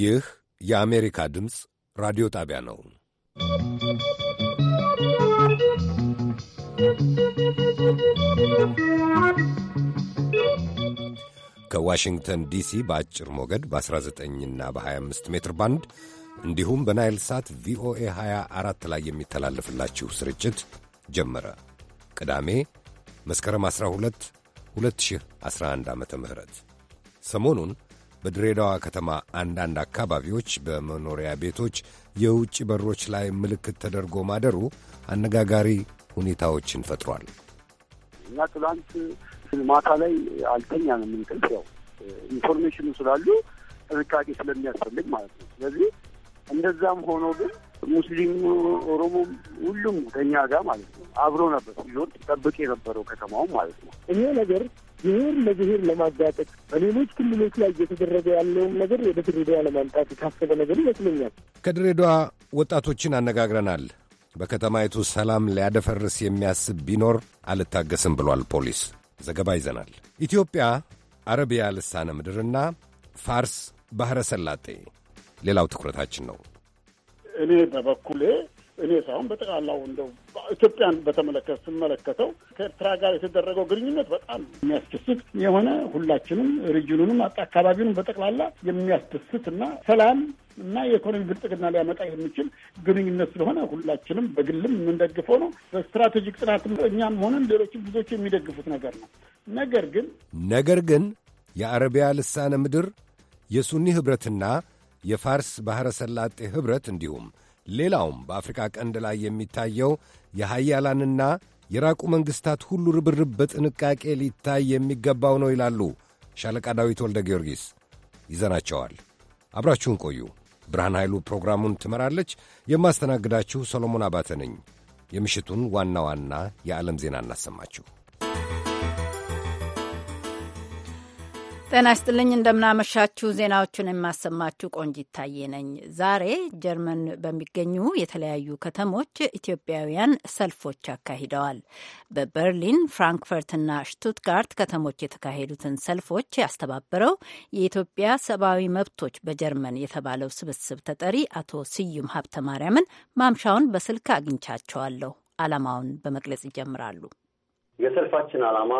ይህ የአሜሪካ ድምፅ ራዲዮ ጣቢያ ነው። ከዋሽንግተን ዲሲ በአጭር ሞገድ በ19ና በ25 ሜትር ባንድ እንዲሁም በናይል ሳት ቪኦኤ 24 ላይ የሚተላለፍላችሁ ስርጭት ጀመረ። ቅዳሜ መስከረም 12 2011 ዓ ም ሰሞኑን በድሬዳዋ ከተማ አንዳንድ አካባቢዎች በመኖሪያ ቤቶች የውጭ በሮች ላይ ምልክት ተደርጎ ማደሩ አነጋጋሪ ሁኔታዎችን ፈጥሯል። እኛ ትላንት ማታ ላይ ነው እንቅልፍ ያው ኢንፎርሜሽኑ ስላሉ ጥንቃቄ ስለሚያስፈልግ ማለት ነው። ስለዚህ እንደዛም ሆኖ ግን ሙስሊም፣ ኦሮሞ ሁሉም ከኛ ጋር ማለት ነው አብሮ ነበር ሲዞር ጠብቅ የነበረው ከተማውም ማለት ነው። ይሄ ነገር ብሔር ለብሔር ለማጋጠጥ በሌሎች ክልሎች ላይ እየተደረገ ያለውን ነገር ወደ ድሬዳዋ ለማምጣት የታሰበ ነገር ይመስለኛል። ከድሬዳዋ ወጣቶችን አነጋግረናል። በከተማይቱ ሰላም ሊያደፈርስ የሚያስብ ቢኖር አልታገስም ብሏል ፖሊስ። ዘገባ ይዘናል። ኢትዮጵያ አረቢያ ልሳነ ምድርና ፋርስ ባሕረ ሰላጤ ሌላው ትኩረታችን ነው። እኔ በበኩሌ እኔ ሳይሆን በጠቅላላው እንደው ኢትዮጵያን በተመለከተ ስመለከተው ከኤርትራ ጋር የተደረገው ግንኙነት በጣም የሚያስደስት የሆነ ሁላችንም ሪጅኑንም አካባቢውንም በጠቅላላ የሚያስደስት እና ሰላም እና የኢኮኖሚ ብልጽግና ሊያመጣ የሚችል ግንኙነት ስለሆነ ሁላችንም በግልም የምንደግፈው ነው። በስትራቴጂክ ጥናትም እኛም ሆነን ሌሎችም ብዙዎች የሚደግፉት ነገር ነው። ነገር ግን ነገር ግን የአረቢያ ልሳነ ምድር የሱኒ ኅብረትና የፋርስ ባሕረ ሰላጤ ኅብረት እንዲሁም ሌላውም በአፍሪካ ቀንድ ላይ የሚታየው የሐያላንና የራቁ መንግሥታት ሁሉ ርብርብ በጥንቃቄ ሊታይ የሚገባው ነው ይላሉ ሻለቃ ዳዊት ወልደ ጊዮርጊስ። ይዘናቸዋል። አብራችሁን ቆዩ። ብርሃን ኃይሉ ፕሮግራሙን ትመራለች። የማስተናግዳችሁ ሰሎሞን አባተ ነኝ። የምሽቱን ዋና ዋና የዓለም ዜና እናሰማችሁ። ጤና ይስጥልኝ እንደምናመሻችሁ። ዜናዎቹን የማሰማችሁ ቆንጂ ይታየ። ነኝ። ዛሬ ጀርመን በሚገኙ የተለያዩ ከተሞች ኢትዮጵያውያን ሰልፎች አካሂደዋል። በበርሊን ፍራንክፈርትና ሽቱትጋርት ከተሞች የተካሄዱትን ሰልፎች ያስተባበረው የኢትዮጵያ ሰብአዊ መብቶች በጀርመን የተባለው ስብስብ ተጠሪ አቶ ስዩም ሀብተ ማርያምን ማምሻውን በስልክ አግኝቻቸዋለሁ። ዓላማውን በመግለጽ ይጀምራሉ። የሰልፋችን ዓላማ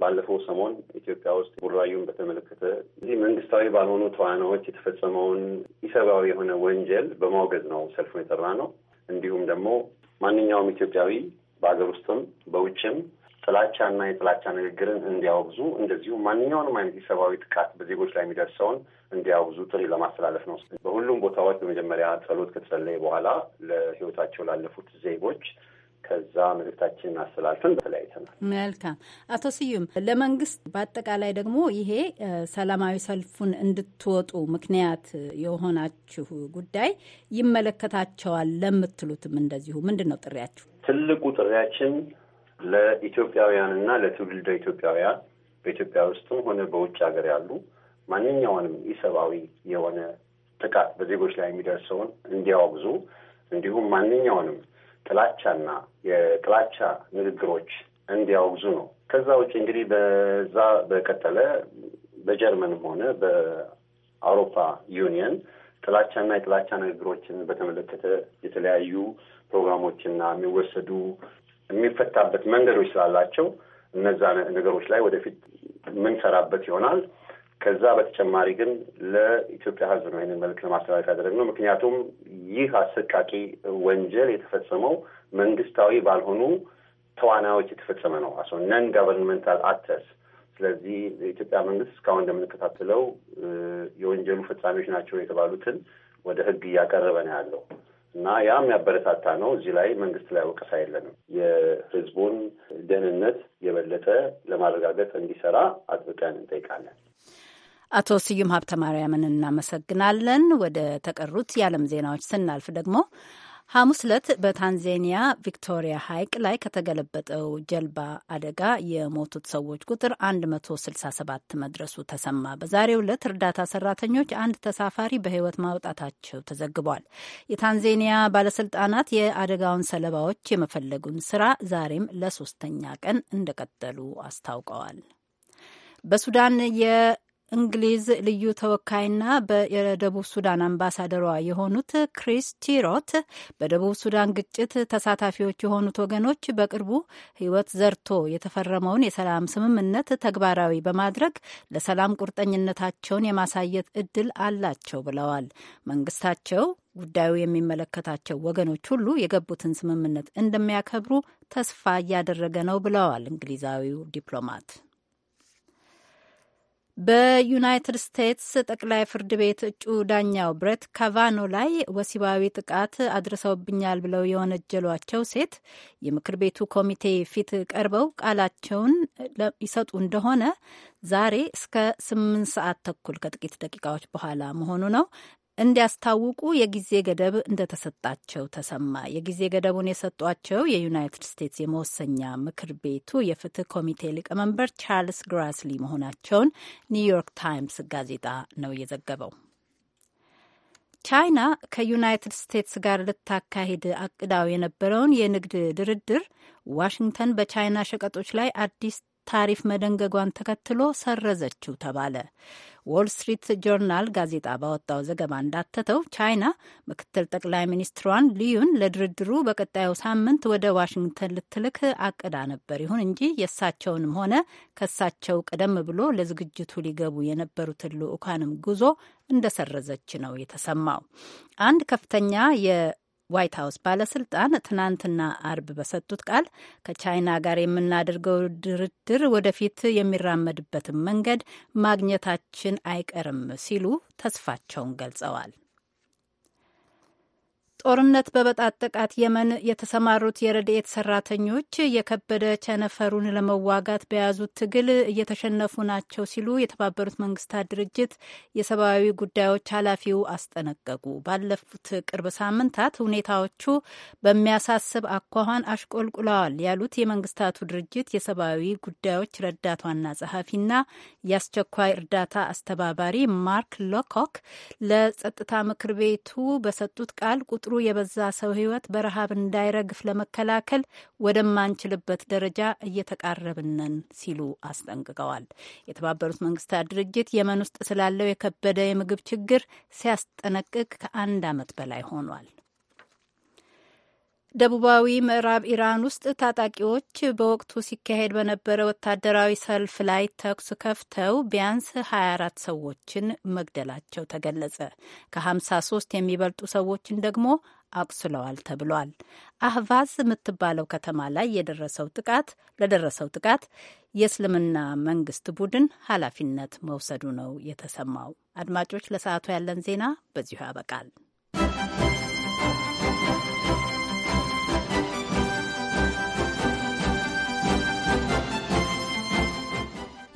ባለፈው ሰሞን ኢትዮጵያ ውስጥ ቡራዩን በተመለከተ እዚህ መንግስታዊ ባልሆኑ ተዋናዎች የተፈጸመውን ኢሰብአዊ የሆነ ወንጀል በማውገዝ ነው ሰልፉን የጠራ ነው። እንዲሁም ደግሞ ማንኛውም ኢትዮጵያዊ በሀገር ውስጥም በውጭም ጥላቻና የጥላቻ ንግግርን እንዲያወግዙ እንደዚሁ ማንኛውንም አይነት የሰብአዊ ጥቃት በዜጎች ላይ የሚደርሰውን እንዲያወግዙ ጥሪ ለማስተላለፍ ነው። በሁሉም ቦታዎች በመጀመሪያ ጸሎት ከተጸለየ በኋላ ለህይወታቸው ላለፉት ዜጎች ከዛ መልእክታችንን አስተላልፈን በተለያይተናል። መልካም አቶ ስዩም፣ ለመንግስት በአጠቃላይ ደግሞ ይሄ ሰላማዊ ሰልፉን እንድትወጡ ምክንያት የሆናችሁ ጉዳይ ይመለከታቸዋል ለምትሉትም እንደዚሁ ምንድን ነው ጥሪያችሁ? ትልቁ ጥሪያችን ለኢትዮጵያውያንና ለትውልደ ኢትዮጵያውያን በኢትዮጵያ ውስጥም ሆነ በውጭ ሀገር ያሉ ማንኛውንም ኢሰብአዊ የሆነ ጥቃት በዜጎች ላይ የሚደርሰውን እንዲያወግዙ እንዲሁም ማንኛውንም ጥላቻና የጥላቻ ንግግሮች እንዲያወግዙ ነው። ከዛ ውጭ እንግዲህ በዛ በቀጠለ በጀርመንም ሆነ በአውሮፓ ዩኒየን ጥላቻና የጥላቻ ንግግሮችን በተመለከተ የተለያዩ ፕሮግራሞችና የሚወሰዱ የሚፈታበት መንገዶች ስላላቸው እነዛ ነገሮች ላይ ወደፊት የምንሰራበት ይሆናል። ከዛ በተጨማሪ ግን ለኢትዮጵያ ሕዝብ ነው ይህንን መልዕክት ለማስተላለፍ ያደረግነው። ምክንያቱም ይህ አሰቃቂ ወንጀል የተፈጸመው መንግስታዊ ባልሆኑ ተዋናዮች የተፈጸመ ነው። አሶ ነን ጋቨርንመንታል አክተርስ። ስለዚህ የኢትዮጵያ መንግስት እስካሁን እንደምንከታተለው የወንጀሉ ፈጻሚዎች ናቸው የተባሉትን ወደ ህግ እያቀረበ ነው ያለው እና ያም ያበረታታ ነው። እዚህ ላይ መንግስት ላይ ወቀሳ የለንም። የህዝቡን ደህንነት የበለጠ ለማረጋገጥ እንዲሰራ አጥብቀን እንጠይቃለን። አቶ ስዩም ሀብተ ማርያምን እናመሰግናለን። ወደ ተቀሩት የዓለም ዜናዎች ስናልፍ ደግሞ ሐሙስ ዕለት በታንዜኒያ ቪክቶሪያ ሐይቅ ላይ ከተገለበጠው ጀልባ አደጋ የሞቱት ሰዎች ቁጥር 167 መድረሱ ተሰማ። በዛሬው ዕለት እርዳታ ሰራተኞች አንድ ተሳፋሪ በሕይወት ማውጣታቸው ተዘግቧል። የታንዜኒያ ባለስልጣናት የአደጋውን ሰለባዎች የመፈለጉን ስራ ዛሬም ለሶስተኛ ቀን እንደቀጠሉ አስታውቀዋል። በሱዳን እንግሊዝ ልዩ ተወካይና በደቡብ ሱዳን አምባሳደሯ የሆኑት ክሪስ ቲሮት በደቡብ ሱዳን ግጭት ተሳታፊዎች የሆኑት ወገኖች በቅርቡ ሕይወት ዘርቶ የተፈረመውን የሰላም ስምምነት ተግባራዊ በማድረግ ለሰላም ቁርጠኝነታቸውን የማሳየት እድል አላቸው ብለዋል። መንግስታቸው ጉዳዩ የሚመለከታቸው ወገኖች ሁሉ የገቡትን ስምምነት እንደሚያከብሩ ተስፋ እያደረገ ነው ብለዋል እንግሊዛዊው ዲፕሎማት። በዩናይትድ ስቴትስ ጠቅላይ ፍርድ ቤት እጩ ዳኛው ብሬት ካቫኖ ላይ ወሲባዊ ጥቃት አድርሰውብኛል ብለው የወነጀሏቸው ሴት የምክር ቤቱ ኮሚቴ ፊት ቀርበው ቃላቸውን ይሰጡ እንደሆነ ዛሬ እስከ ስምንት ሰዓት ተኩል ከጥቂት ደቂቃዎች በኋላ መሆኑ ነው። እንዲያስታውቁ የጊዜ ገደብ እንደተሰጣቸው ተሰማ። የጊዜ ገደቡን የሰጧቸው የዩናይትድ ስቴትስ የመወሰኛ ምክር ቤቱ የፍትህ ኮሚቴ ሊቀመንበር ቻርልስ ግራስሊ መሆናቸውን ኒውዮርክ ታይምስ ጋዜጣ ነው የዘገበው። ቻይና ከዩናይትድ ስቴትስ ጋር ልታካሂድ አቅዳው የነበረውን የንግድ ድርድር ዋሽንግተን በቻይና ሸቀጦች ላይ አዲስ ታሪፍ መደንገጓን ተከትሎ ሰረዘችው ተባለ። ዎል ስትሪት ጆርናል ጋዜጣ ባወጣው ዘገባ እንዳተተው ቻይና ምክትል ጠቅላይ ሚኒስትሯን ሊዩን ለድርድሩ በቀጣዩ ሳምንት ወደ ዋሽንግተን ልትልክ አቅዳ ነበር። ይሁን እንጂ የእሳቸውንም ሆነ ከእሳቸው ቀደም ብሎ ለዝግጅቱ ሊገቡ የነበሩትን ልዑካንም ጉዞ እንደሰረዘች ነው የተሰማው። አንድ ከፍተኛ ዋይት ሀውስ ባለስልጣን ትናንትና አርብ በሰጡት ቃል ከቻይና ጋር የምናደርገው ድርድር ወደፊት የሚራመድበትን መንገድ ማግኘታችን አይቀርም ሲሉ ተስፋቸውን ገልጸዋል። ጦርነት በበጣጠቃት የመን የተሰማሩት የረድኤት ሰራተኞች የከበደ ቸነፈሩን ለመዋጋት በያዙት ትግል እየተሸነፉ ናቸው ሲሉ የተባበሩት መንግስታት ድርጅት የሰብአዊ ጉዳዮች ኃላፊው አስጠነቀቁ። ባለፉት ቅርብ ሳምንታት ሁኔታዎቹ በሚያሳስብ አኳኋን አሽቆልቁለዋል ያሉት የመንግስታቱ ድርጅት የሰብአዊ ጉዳዮች ረዳት ዋና ጸሐፊና የአስቸኳይ እርዳታ አስተባባሪ ማርክ ሎኮክ ለጸጥታ ምክር ቤቱ በሰጡት ቃል ቁጥሩ ቁጥሩ የበዛ ሰው ህይወት በረሃብ እንዳይረግፍ ለመከላከል ወደማንችልበት ደረጃ እየተቃረብነን ሲሉ አስጠንቅቀዋል። የተባበሩት መንግስታት ድርጅት የመን ውስጥ ስላለው የከበደ የምግብ ችግር ሲያስጠነቅቅ ከአንድ ዓመት በላይ ሆኗል። ደቡባዊ ምዕራብ ኢራን ውስጥ ታጣቂዎች በወቅቱ ሲካሄድ በነበረ ወታደራዊ ሰልፍ ላይ ተኩስ ከፍተው ቢያንስ 24 ሰዎችን መግደላቸው ተገለጸ። ከ53 የሚበልጡ ሰዎችን ደግሞ አቁስለዋል ተብሏል። አህቫዝ የምትባለው ከተማ ላይ የደረሰው ጥቃት ለደረሰው ጥቃት የእስልምና መንግስት ቡድን ኃላፊነት መውሰዱ ነው የተሰማው። አድማጮች፣ ለሰዓቱ ያለን ዜና በዚሁ ያበቃል።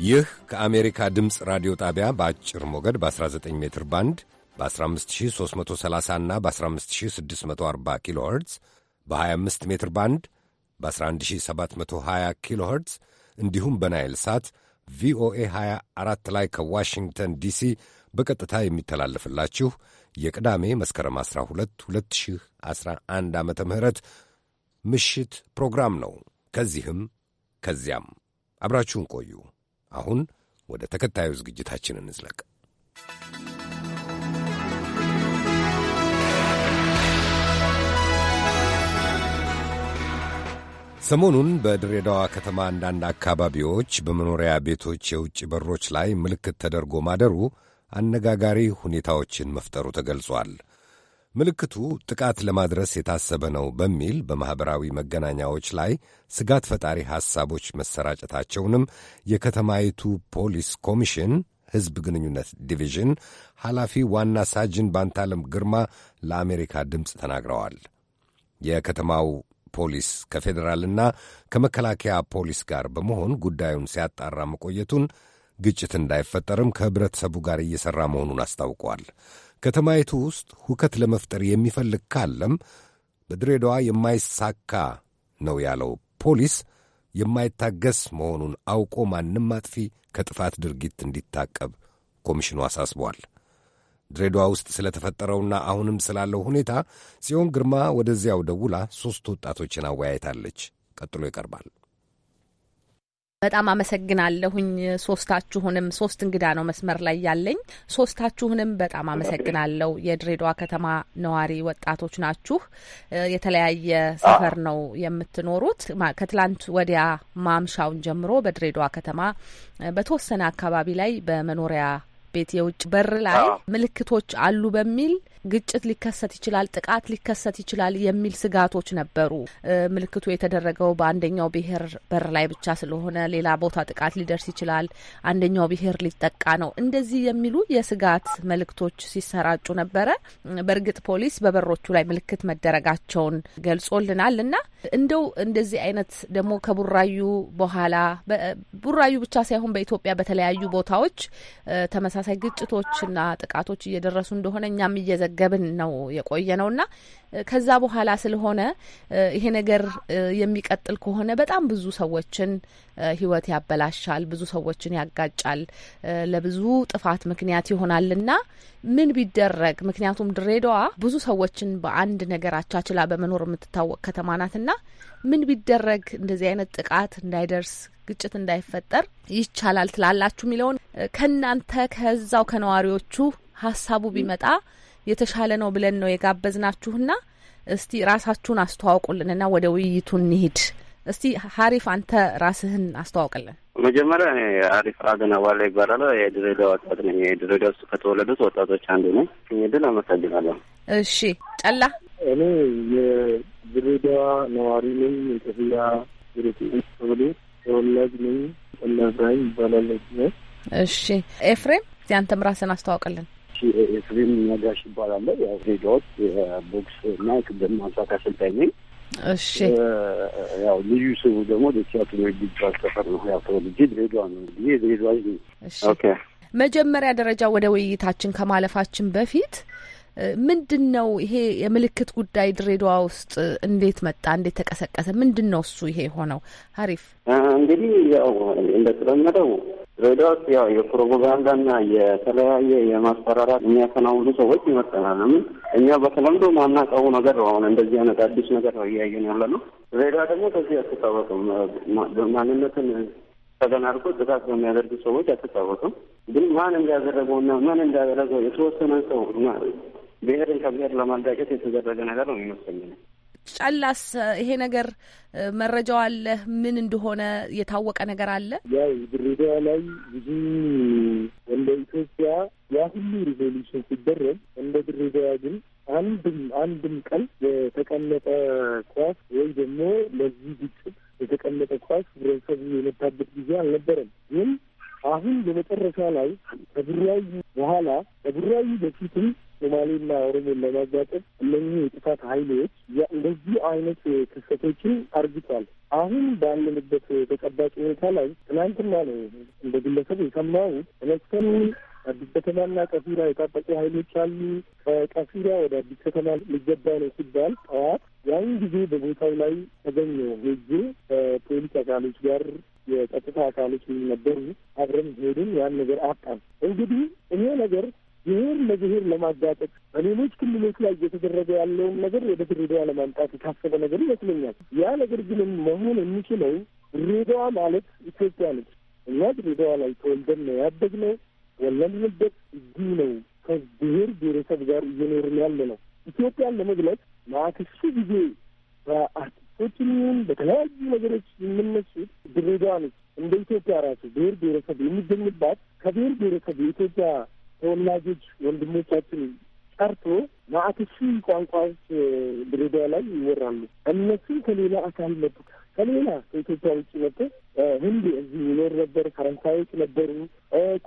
ይህ ከአሜሪካ ድምፅ ራዲዮ ጣቢያ በአጭር ሞገድ በ19 ሜትር ባንድ በ15330 እና በ15640 ኪሎ ኸርትዝ በ25 ሜትር ባንድ በ11720 ኪሎ ኸርትዝ እንዲሁም በናይል ሳት ቪኦኤ 24 ላይ ከዋሽንግተን ዲሲ በቀጥታ የሚተላለፍላችሁ የቅዳሜ መስከረም 12 2011 ዓ ም ምሽት ፕሮግራም ነው። ከዚህም ከዚያም አብራችሁን ቆዩ። አሁን ወደ ተከታዩ ዝግጅታችን እንዝለቅ። ሰሞኑን በድሬዳዋ ከተማ አንዳንድ አካባቢዎች በመኖሪያ ቤቶች የውጭ በሮች ላይ ምልክት ተደርጎ ማደሩ አነጋጋሪ ሁኔታዎችን መፍጠሩ ተገልጿል። ምልክቱ ጥቃት ለማድረስ የታሰበ ነው በሚል በማኅበራዊ መገናኛዎች ላይ ስጋት ፈጣሪ ሐሳቦች መሰራጨታቸውንም የከተማይቱ ፖሊስ ኮሚሽን ሕዝብ ግንኙነት ዲቪዥን ኃላፊ ዋና ሳጅን ባንታለም ግርማ ለአሜሪካ ድምፅ ተናግረዋል። የከተማው ፖሊስ ከፌዴራልና ከመከላከያ ፖሊስ ጋር በመሆን ጉዳዩን ሲያጣራ መቆየቱን፣ ግጭት እንዳይፈጠርም ከኅብረተሰቡ ጋር እየሠራ መሆኑን አስታውቋል። ከተማይቱ ውስጥ ሁከት ለመፍጠር የሚፈልግ ካለም በድሬዳዋ የማይሳካ ነው ያለው ፖሊስ የማይታገስ መሆኑን አውቆ ማንም አጥፊ ከጥፋት ድርጊት እንዲታቀብ ኮሚሽኑ አሳስቧል። ድሬዳዋ ውስጥ ስለተፈጠረውና አሁንም ስላለው ሁኔታ ጽዮን ግርማ ወደዚያው ደውላ ሦስት ወጣቶችን አወያይታለች። ቀጥሎ ይቀርባል። በጣም አመሰግናለሁኝ ሶስታችሁንም። ሶስት እንግዳ ነው መስመር ላይ ያለኝ። ሶስታችሁንም በጣም አመሰግናለሁ። የድሬዳዋ ከተማ ነዋሪ ወጣቶች ናችሁ። የተለያየ ሰፈር ነው የምትኖሩት። ከትላንት ወዲያ ማምሻውን ጀምሮ በድሬዳዋ ከተማ በተወሰነ አካባቢ ላይ በመኖሪያ ቤት የውጭ በር ላይ ምልክቶች አሉ በሚል ግጭት ሊከሰት ይችላል፣ ጥቃት ሊከሰት ይችላል የሚል ስጋቶች ነበሩ። ምልክቱ የተደረገው በአንደኛው ብሔር በር ላይ ብቻ ስለሆነ ሌላ ቦታ ጥቃት ሊደርስ ይችላል፣ አንደኛው ብሔር ሊጠቃ ነው፣ እንደዚህ የሚሉ የስጋት መልእክቶች ሲሰራጩ ነበረ። በእርግጥ ፖሊስ በበሮቹ ላይ ምልክት መደረጋቸውን ገልጾልናል። እና እንደው እንደዚህ አይነት ደግሞ ከቡራዩ በኋላ ቡራዩ ብቻ ሳይሆን በኢትዮጵያ በተለያዩ ቦታዎች ተመሳ ተመሳሳይ ግጭቶችና ጥቃቶች እየደረሱ እንደሆነ እኛም እየዘገብን ነው የቆየ ነውና ከዛ በኋላ ስለሆነ ይሄ ነገር የሚቀጥል ከሆነ በጣም ብዙ ሰዎችን ህይወት ያበላሻል፣ ብዙ ሰዎችን ያጋጫል፣ ለብዙ ጥፋት ምክንያት ይሆናልና ምን ቢደረግ ምክንያቱም ድሬዳዋ ብዙ ሰዎችን በአንድ ነገር አቻችላ በመኖር የምትታወቅ ከተማ ናትና ምን ቢደረግ እንደዚህ አይነት ጥቃት እንዳይደርስ ግጭት እንዳይፈጠር ይቻላል ትላላችሁ የሚለውን ከእናንተ ከዛው ከነዋሪዎቹ ሀሳቡ ቢመጣ የተሻለ ነው ብለን ነው የጋበዝናችሁና እስቲ ራሳችሁን አስተዋውቁልንና ወደ ውይይቱ እንሂድ። እስቲ ሀሪፍ አንተ ራስህን አስተዋውቅልን። መጀመሪያ እኔ አሪፍ አገናባላ ይባላለሁ። የድሬዳዋ ወጣት ነኝ። የድሬዳዋ ውስጥ ከተወለዱት ወጣቶች አንዱ ነኝ። ድል አመሰግናለሁ። እሺ ጨላ እኔ የድሬዳዋ ነዋሪ ነኝ። የጠፍያ ድሬ ብሌ ተወላጅ ነኝ። ኢብራሂም ይባላል። እሺ ኤፍሬም፣ እዚህ ራስን አስተዋውቅልን። ኤፍሬም ነጋሽ ይባላለሁ። ያው ሬዲዮት ቦክስ እና ክብደት ማንሳት አሰልጣኝ ነኝ። እሺ ያው ልዩ ስቡ ደግሞ ደሲያቱ ዲባል ሰፈር ነው። ያው ተወልጄ ድሬዳዋ ነው። እንግዲህ ድሬዳዋ ኦኬ። መጀመሪያ ደረጃ ወደ ውይይታችን ከማለፋችን በፊት ምንድን ነው ይሄ የምልክት ጉዳይ ድሬዳዋ ውስጥ እንዴት መጣ? እንዴት ተቀሰቀሰ? ምንድን ነው እሱ ይሄ የሆነው? አሪፍ እንግዲህ ያው እንደተለመደው ድሬዳዋ ውስጥ ያው የፕሮፓጋንዳና የተለያየ የማስፈራራት የሚያከናውኑ ሰዎች ይመጠናል። ምን እኛ በተለምዶ ማናውቀው ነገር አሁን እንደዚህ አይነት አዲስ ነገር እያየን ያለ ነው። ድሬዳዋ ደግሞ ከዚህ አትታወቅም። ማንነትን ተገና ጥቃት በሚያደርጉ ሰዎች አትታወቅም። ግን ማን እንዳደረገው እና ማን እንዳደረገው የተወሰነ ሰው ብሔርን ከብሔር ለማዳቀት የተደረገ ነገር ነው የሚመስለኝ። ጨላስ ይሄ ነገር መረጃው አለ ምን እንደሆነ የታወቀ ነገር አለ። ያው ድሬዳዋ ላይ ብዙ እንደ ኢትዮጵያ ያ ሁሉ ሪዞሉሽን ሲደረግ እንደ ድሬዳዋ ግን አንድም አንድም ቀን የተቀመጠ ኳስ ወይ ደግሞ ለዚህ ግጭት የተቀመጠ ኳስ ህብረተሰቡ የመታበት ጊዜ አልነበረም ግን አሁን በመጨረሻ ላይ ከቡራዩ በኋላ ከቡራዩ በፊትም ሶማሌና ኦሮሞን ለማጋጠም እነኚህ የጥፋት ኃይሎች እንደዚህ አይነት ክስተቶችን አርግቷል። አሁን ባለንበት ተጨባጭ ሁኔታ ላይ ትናንትና ነው እንደ ግለሰብ የሰማሁት ተነስተን አዲስ ከተማና ቀፊራ የታጠቁ ኃይሎች አሉ። ከቀፊራ ወደ አዲስ ከተማ ሊገባ ነው ሲባል ጠዋት ያን ጊዜ በቦታው ላይ ተገኘ ሄጄ ከፖሊስ አካሎች ጋር የጸጥታ አካሎች ነበሩ። አብረን ሄድን። ያን ነገር አጣን። እንግዲህ እኔ ነገር ብሔር ለብሔር ለማጋጠጥ በሌሎች ክልሎች ላይ እየተደረገ ያለውን ነገር ወደ ድሬዳዋ ለማምጣት የታሰበ ነገር ይመስለኛል። ያ ነገር ግን መሆን የሚችለው ድሬዳዋ ማለት ኢትዮጵያ ነች። እኛ ድሬዳዋ ላይ ተወልደን ነው ያደግነው። ወለድንበት እዚህ ነው። ከብሔር ብሔረሰብ ጋር እየኖርን ያለ ነው። ኢትዮጵያን ለመግለጽ ማክሱ ጊዜ በአርቲስቶች ይሁን በተለያዩ ነገሮች የምነሱት ድሬዳዋ ነች። እንደ ኢትዮጵያ ራሱ ብሔር ብሔረሰብ የሚገኝባት ከብሔር ብሔረሰብ የኢትዮጵያ ተወላጆች ወንድሞቻችን ጠርቶ ማአት ቋንቋዎች ድሬዳዋ ላይ ይወራሉ። እነሱም ከሌላ አካል መጡ። ከሌላ ከኢትዮጵያ ውጭ መጡ። ህንድ እዚህ ይኖር ነበር፣ ፈረንሳዮች ነበሩ፣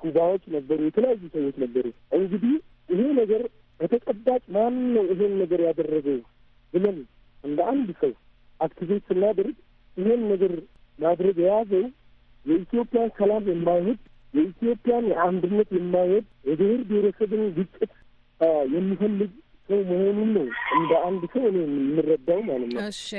ኩባዎች ነበሩ፣ የተለያዩ ሰዎች ነበሩ። እንግዲህ ይሄ ነገር በተጨባጭ ማን ነው ይሄን ነገር ያደረገው ብለን እንደ አንድ ሰው አክቲቬት ስናደርግ ይሄን ነገር ማድረግ የያዘው የኢትዮጵያ ሰላም የማይሁድ የኢትዮጵያን የአንድነት የማይወድ የብሔር ብሔረሰብን ግጭት የሚፈልግ ሰው መሆኑን ነው እንደ አንድ ሰው እኔ የምንረዳው ማለት ነው። እሺ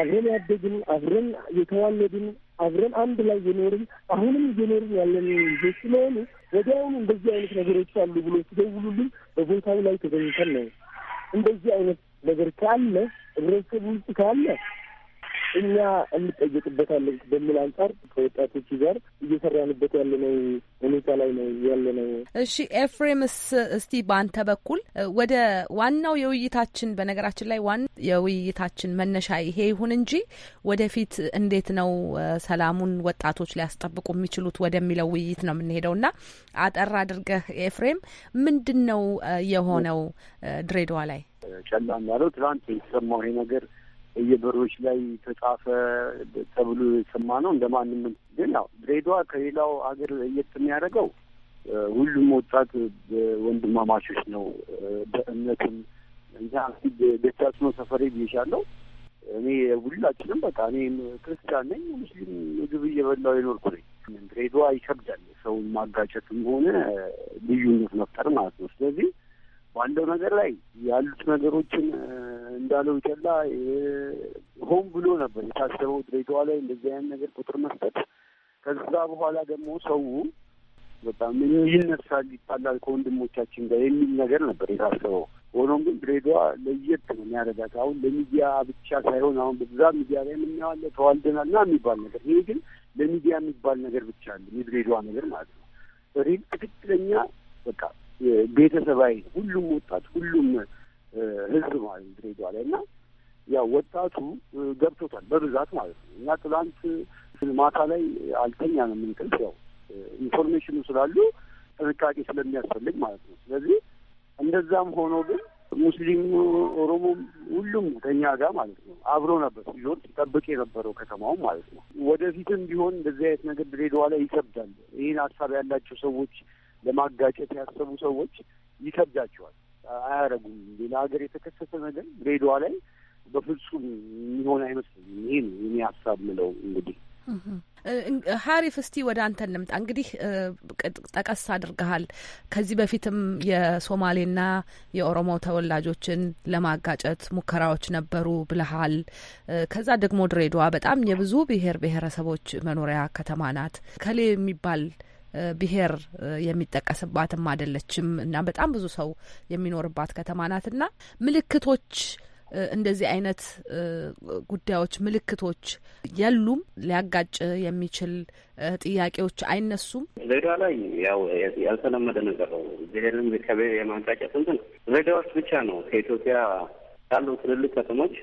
አብረን ያደግን አብረን የተዋለድን አብረን አንድ ላይ የኖርን አሁንም እየኖርን ያለን ልጆች ስለሆኑ ወዲያውኑ እንደዚህ አይነት ነገሮች አሉ ብሎ ሲደውሉልን በቦታው ላይ ተገኝተን ነው እንደዚህ አይነት ነገር ካለ ህብረተሰቡ ውስጥ ካለ እኛ እንጠየቅበታለን በሚል አንጻር ከወጣቶች ጋር እየሰራንበት ያለ ነው ሁኔታ ላይ ነው ያለ ነው። እሺ ኤፍሬምስ፣ እስቲ በአንተ በኩል ወደ ዋናው የውይይታችን በነገራችን ላይ ዋና የውይይታችን መነሻ ይሄ ይሁን እንጂ ወደፊት እንዴት ነው ሰላሙን ወጣቶች ሊያስጠብቁ የሚችሉት ወደሚለው ውይይት ነው የምንሄደው እና አጠር አድርገህ ኤፍሬም፣ ምንድን ነው የሆነው ድሬዳዋ ላይ? ጨላ እንዳለው ትናንት የተሰማው ይሄ ነገር በየበሮች ላይ ተጻፈ ተብሎ የሰማ ነው እንደ ማንም። ግን ያው ድሬዳዋ ከሌላው ሀገር ለየት የሚያደርገው ሁሉም ወጣት ወንድማማቾች ነው። በእምነትም እዛ ገቻችኖ ሰፈሬ ብዬሻለሁ። እኔ ሁላችንም በቃ እኔ ክርስቲያን ነኝ፣ ሙስሊም ምግብ እየበላው የኖርኩ ነኝ። ድሬዳዋ ይከብዳል ሰውን ማጋጨትም ሆነ ልዩነት መፍጠር ማለት ነው። ስለዚህ ባለው ነገር ላይ ያሉት ነገሮችን እንዳለው ይጨላ ሆን ብሎ ነበር የታሰበው ድሬዳዋ ላይ እንደዚህ አይነት ነገር ቁጥር መስጠት። ከዛ በኋላ ደግሞ ሰው በጣም ይነሳል፣ ይጣላል ከወንድሞቻችን ጋር የሚል ነገር ነበር የታሰበው። ሆኖም ግን ድሬዳዋ ለየት ነው የሚያደርጋት። አሁን ለሚዲያ ብቻ ሳይሆን አሁን በብዛት ሚዲያ ላይ የምናዋለ ተዋልደናል ና የሚባል ነገር፣ ይሄ ግን ለሚዲያ የሚባል ነገር ብቻ አለ የድሬዳዋ ነገር ማለት ነው። ሪል ትክክለኛ በቃ ቤተሰባዊ ሁሉም ወጣት ሁሉም ህዝብ ማለት ነው ድሬዳዋ ላይ እና ያው ወጣቱ ገብቶታል በብዛት ማለት ነው። እኛ ትላንት ማታ ላይ አልተኛ ነው የምንቅልፍ ያው ኢንፎርሜሽኑ ስላሉ ጥንቃቄ ስለሚያስፈልግ ማለት ነው። ስለዚህ እንደዛም ሆኖ ግን ሙስሊም፣ ኦሮሞም ሁሉም ከኛ ጋር ማለት ነው አብሮ ነበር ሲዞር ሲጠብቅ የነበረው ከተማውም ማለት ነው። ወደፊትም ቢሆን እንደዚህ አይነት ነገር ድሬዳዋ ላይ ይከብዳል። ይህን ሀሳብ ያላቸው ሰዎች ለማጋጨት ያሰቡ ሰዎች ይከብዳቸዋል፣ አያረጉም። ሌላ ሀገር የተከሰተ ነገር ሬዲዋ ላይ በፍጹም የሚሆን ይሄ ነው እኔ ሀሳብ ምለው እንግዲህ ሀሪፍ እስቲ ወደ አንተ እንምጣ። እንግዲህ ጠቀስ አድርገሃል። ከዚህ በፊትም የሶማሌና የኦሮሞ ተወላጆችን ለማጋጨት ሙከራዎች ነበሩ ብለሃል። ከዛ ደግሞ ድሬዳዋ በጣም የብዙ ብሔር ብሔረሰቦች መኖሪያ ከተማ ናት። ከሌ የሚባል ብሔር የሚጠቀስባትም አይደለችም እና በጣም ብዙ ሰው የሚኖርባት ከተማ ናት እና ምልክቶች እንደዚህ አይነት ጉዳዮች ምልክቶች የሉም። ሊያጋጭ የሚችል ጥያቄዎች አይነሱም። ድሬዳዋ ላይ ያው ያልተለመደ ነገር ነው። ብሔርን ከብሔር እንትን ድሬዳዋ ብቻ ነው ከኢትዮጵያ ካሉ ትልልቅ ከተሞች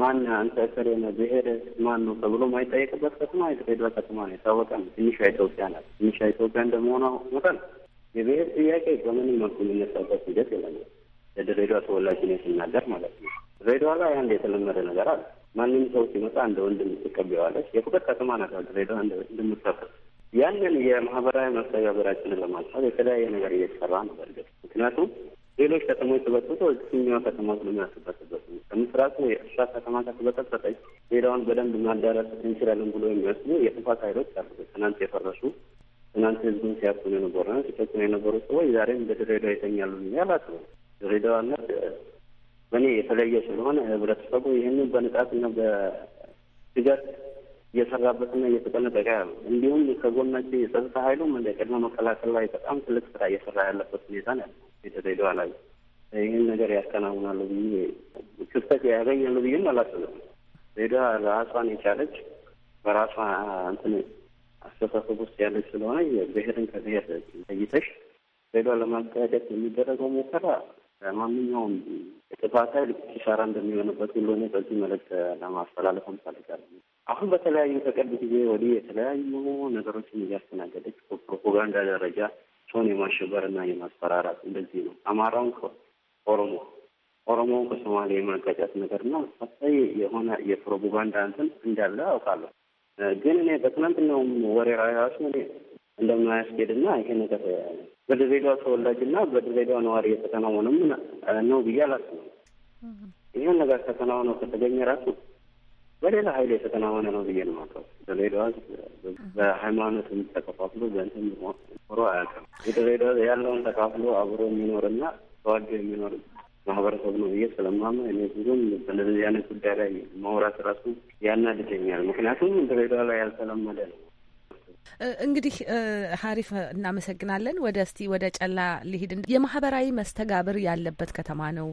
ማን አንተ እከሌ ነህ ብሄር ማን ነው ተብሎ ማይጠየቅበት ከተማ የድሬዳዋ ከተማ ነው። የታወቀ ነው። ትንሿ ኢትዮጵያ ናት። ትንሿ ኢትዮጵያ እንደመሆኗ መጠን የብሄር ጥያቄ በምንም መልኩ የሚነሳበት ሂደት የለም። ለድሬዳዋ ተወላጅ ነው ስናገር ማለት ነው። ድሬዳዋ ላይ አንድ የተለመደ ነገር አለ። ማንም ሰው ሲመጣ እንደ ወንድም ትቀበዋለች። የኩበት ከተማ ናት ድሬዳዋ እንደምትከፍል ያንን የማህበራዊ መስተጋብራችንን ለማስፋት የተለያየ ነገር እየተሰራ ነው። በእርግጥ ምክንያቱም ሌሎች ከተሞች ተበጥብጦ እዚህኛው ከተማ ስለሚያ ተበጠበጡ ከምስራቁ የእርሻ ከተማ ከተበጠበጠች ሌላውን በደንብ ማዳረስ እንችላለን ብሎ የሚወስዱ የጥፋት ኃይሎች አሉ። ትናንት የፈረሱ ትናንት ህዝቡን ሲያፍኑ የነበሩ ና የነበሩ ሰዎች ዛሬም እንደ ድሬዳዋ ይተኛሉ ያላት ነው። ድሬዳዋነት በእኔ የተለየ ስለሆነ ህብረተሰቡ ይህንን በንቃትና በትጋት እየሰራበትና እየተጠነቀቀ ያሉ እንዲሁም ከጎናቸው የጸጥታ ኃይሉም እንደ ቅድመ መከላከል ላይ በጣም ትልቅ ስራ እየሰራ ያለበት ሁኔታ ነው ያለው። የተደሄደው አላ ይህን ነገር ያከናውናሉ ብዬ ክፍተት ያገኛሉ ብዬም አላስብም። ሬዲዋ ራሷን የቻለች በራሷ እንትን አስተሳሰብ ውስጥ ያለች ስለሆነ ብሔርን ከብሔር ለይተሽ ሬዲዋ ለማጋደት የሚደረገው ሙከራ ማንኛውም የጥፋት ኃይል ኪሳራ እንደሚሆንበት ሁሉ እኔ በዚህ መልዕክት ለማስተላለፍ እንፈልጋለን። አሁን በተለያዩ ከቅርብ ጊዜ ወዲህ የተለያዩ ነገሮችን እያስተናገደች በፕሮፓጋንዳ ደረጃ ሰውን የማሸበር እና የማስፈራራት እንደዚህ ነው። አማራውን ከኦሮሞ ኦሮሞውን ከሶማሌ የማጋጨት ነገር እና ሰፋይ የሆነ የፕሮፓጋንዳ እንትን እንዳለ አውቃለሁ። ግን እኔ በትናንትናውም ወሬ ራሱ እኔ እንደማያስኬድ እና ይሄ ነገር በድሬዳዋ ተወላጅ እና በድሬዳዋ ነዋሪ የተከናወነም ነው ብዬ አላስብም። ይህን ነገር ተከናውነው ከተገኘ ራሱ በሌላ ሀይል የተከናወነ ነው ብዬ ነው ማቀው። ድሬዳዋ በሃይማኖት ተከፋፍሎ በንትም ኖሮ አያውቅም። የድሬዳዋ ያለውን ተካፍሎ አብሮ የሚኖርና ተዋዶ የሚኖር ማህበረሰብ ነው ብዬ ስለማምን እኔ ብዙም በነዚህ አይነት ጉዳይ ላይ ማውራት ራሱ ያናድደኛል። ምክንያቱም ድሬዳዋ ላይ ያልተለመደ ነው። እንግዲህ ሀሪፍ እናመሰግናለን። ወደ እስቲ ወደ ጨላ ሊሄድ የማህበራዊ መስተጋብር ያለበት ከተማ ነው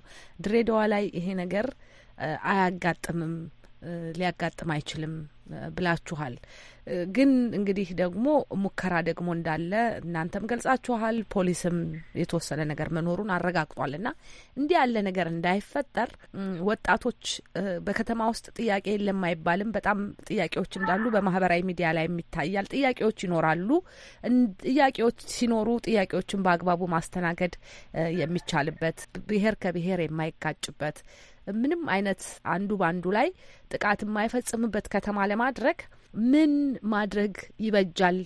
ድሬዳዋ ላይ ይሄ ነገር አያጋጥምም ሊያጋጥም አይችልም ብላችኋል። ግን እንግዲህ ደግሞ ሙከራ ደግሞ እንዳለ እናንተም ገልጻችኋል፣ ፖሊስም የተወሰነ ነገር መኖሩን አረጋግጧል። እና እንዲህ ያለ ነገር እንዳይፈጠር ወጣቶች በከተማ ውስጥ ጥያቄ የለም አይባልም። በጣም ጥያቄዎች እንዳሉ በማህበራዊ ሚዲያ ላይ የሚታያል። ጥያቄዎች ይኖራሉ። ጥያቄዎች ሲኖሩ ጥያቄዎችን በአግባቡ ማስተናገድ የሚቻልበት ብሔር ከብሄር የማይጋጭበት ምንም አይነት አንዱ በአንዱ ላይ ጥቃት የማይፈጽምበት ከተማ ለማድረግ ምን ማድረግ ይበጃል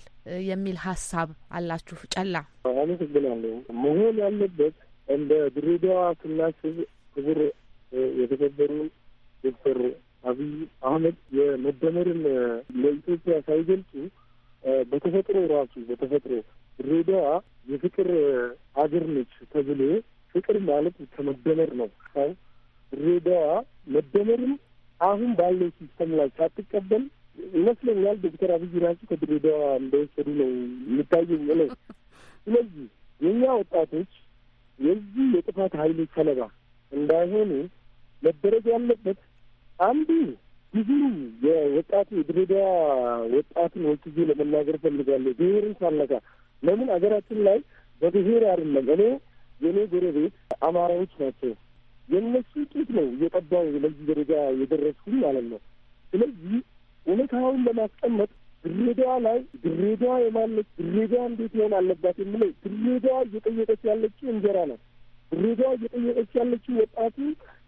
የሚል ሀሳብ አላችሁ? ጨላ አመሰግናለሁ። መሆን ያለበት እንደ ድሬዳዋ ስናስብ ክቡር የተከበሩ ዶክተር አብይ አህመድ የመደመርን ለኢትዮጵያ ሳይገልጹ በተፈጥሮ ራሱ በተፈጥሮ ድሬዳዋ የፍቅር አገር ነች ተብሎ ፍቅር ማለት ከመደመር ነው። ድሬዳዋ መደመርም አሁን ባለው ሲስተም ላይ ሳትቀበል ይመስለኛል ዶክተር አብይ ራሱ ከድሬዳዋ እንደወሰዱ ነው የሚታየኝ ነው። ስለዚህ የእኛ ወጣቶች የዚህ የጥፋት ኃይሎች ሰለባ እንዳይሆኑ መደረግ ያለበት አንዱ ብዙ የወጣቱ የድሬዳዋ ወጣትን ወክዬ ለመናገር ፈልጋለሁ። ብሔርን ሳለካ ለምን አገራችን ላይ በብሔር አይደለም። እኔ የእኔ ጎረቤት አማራዎች ናቸው። የእነሱ ውጤት ነው እየጠባው ለዚህ ደረጃ የደረስኩኝ ማለት ነው። ስለዚህ እውነታውን ለማስቀመጥ ድሬዳዋ ላይ ድሬዳዋ የማለች ድሬዳዋ እንዴት መሆን አለባት የምለው ድሬዳዋ እየጠየቀች ያለችው እንጀራ ነው። ድሬዳዋ እየጠየቀች ያለችው ወጣቱ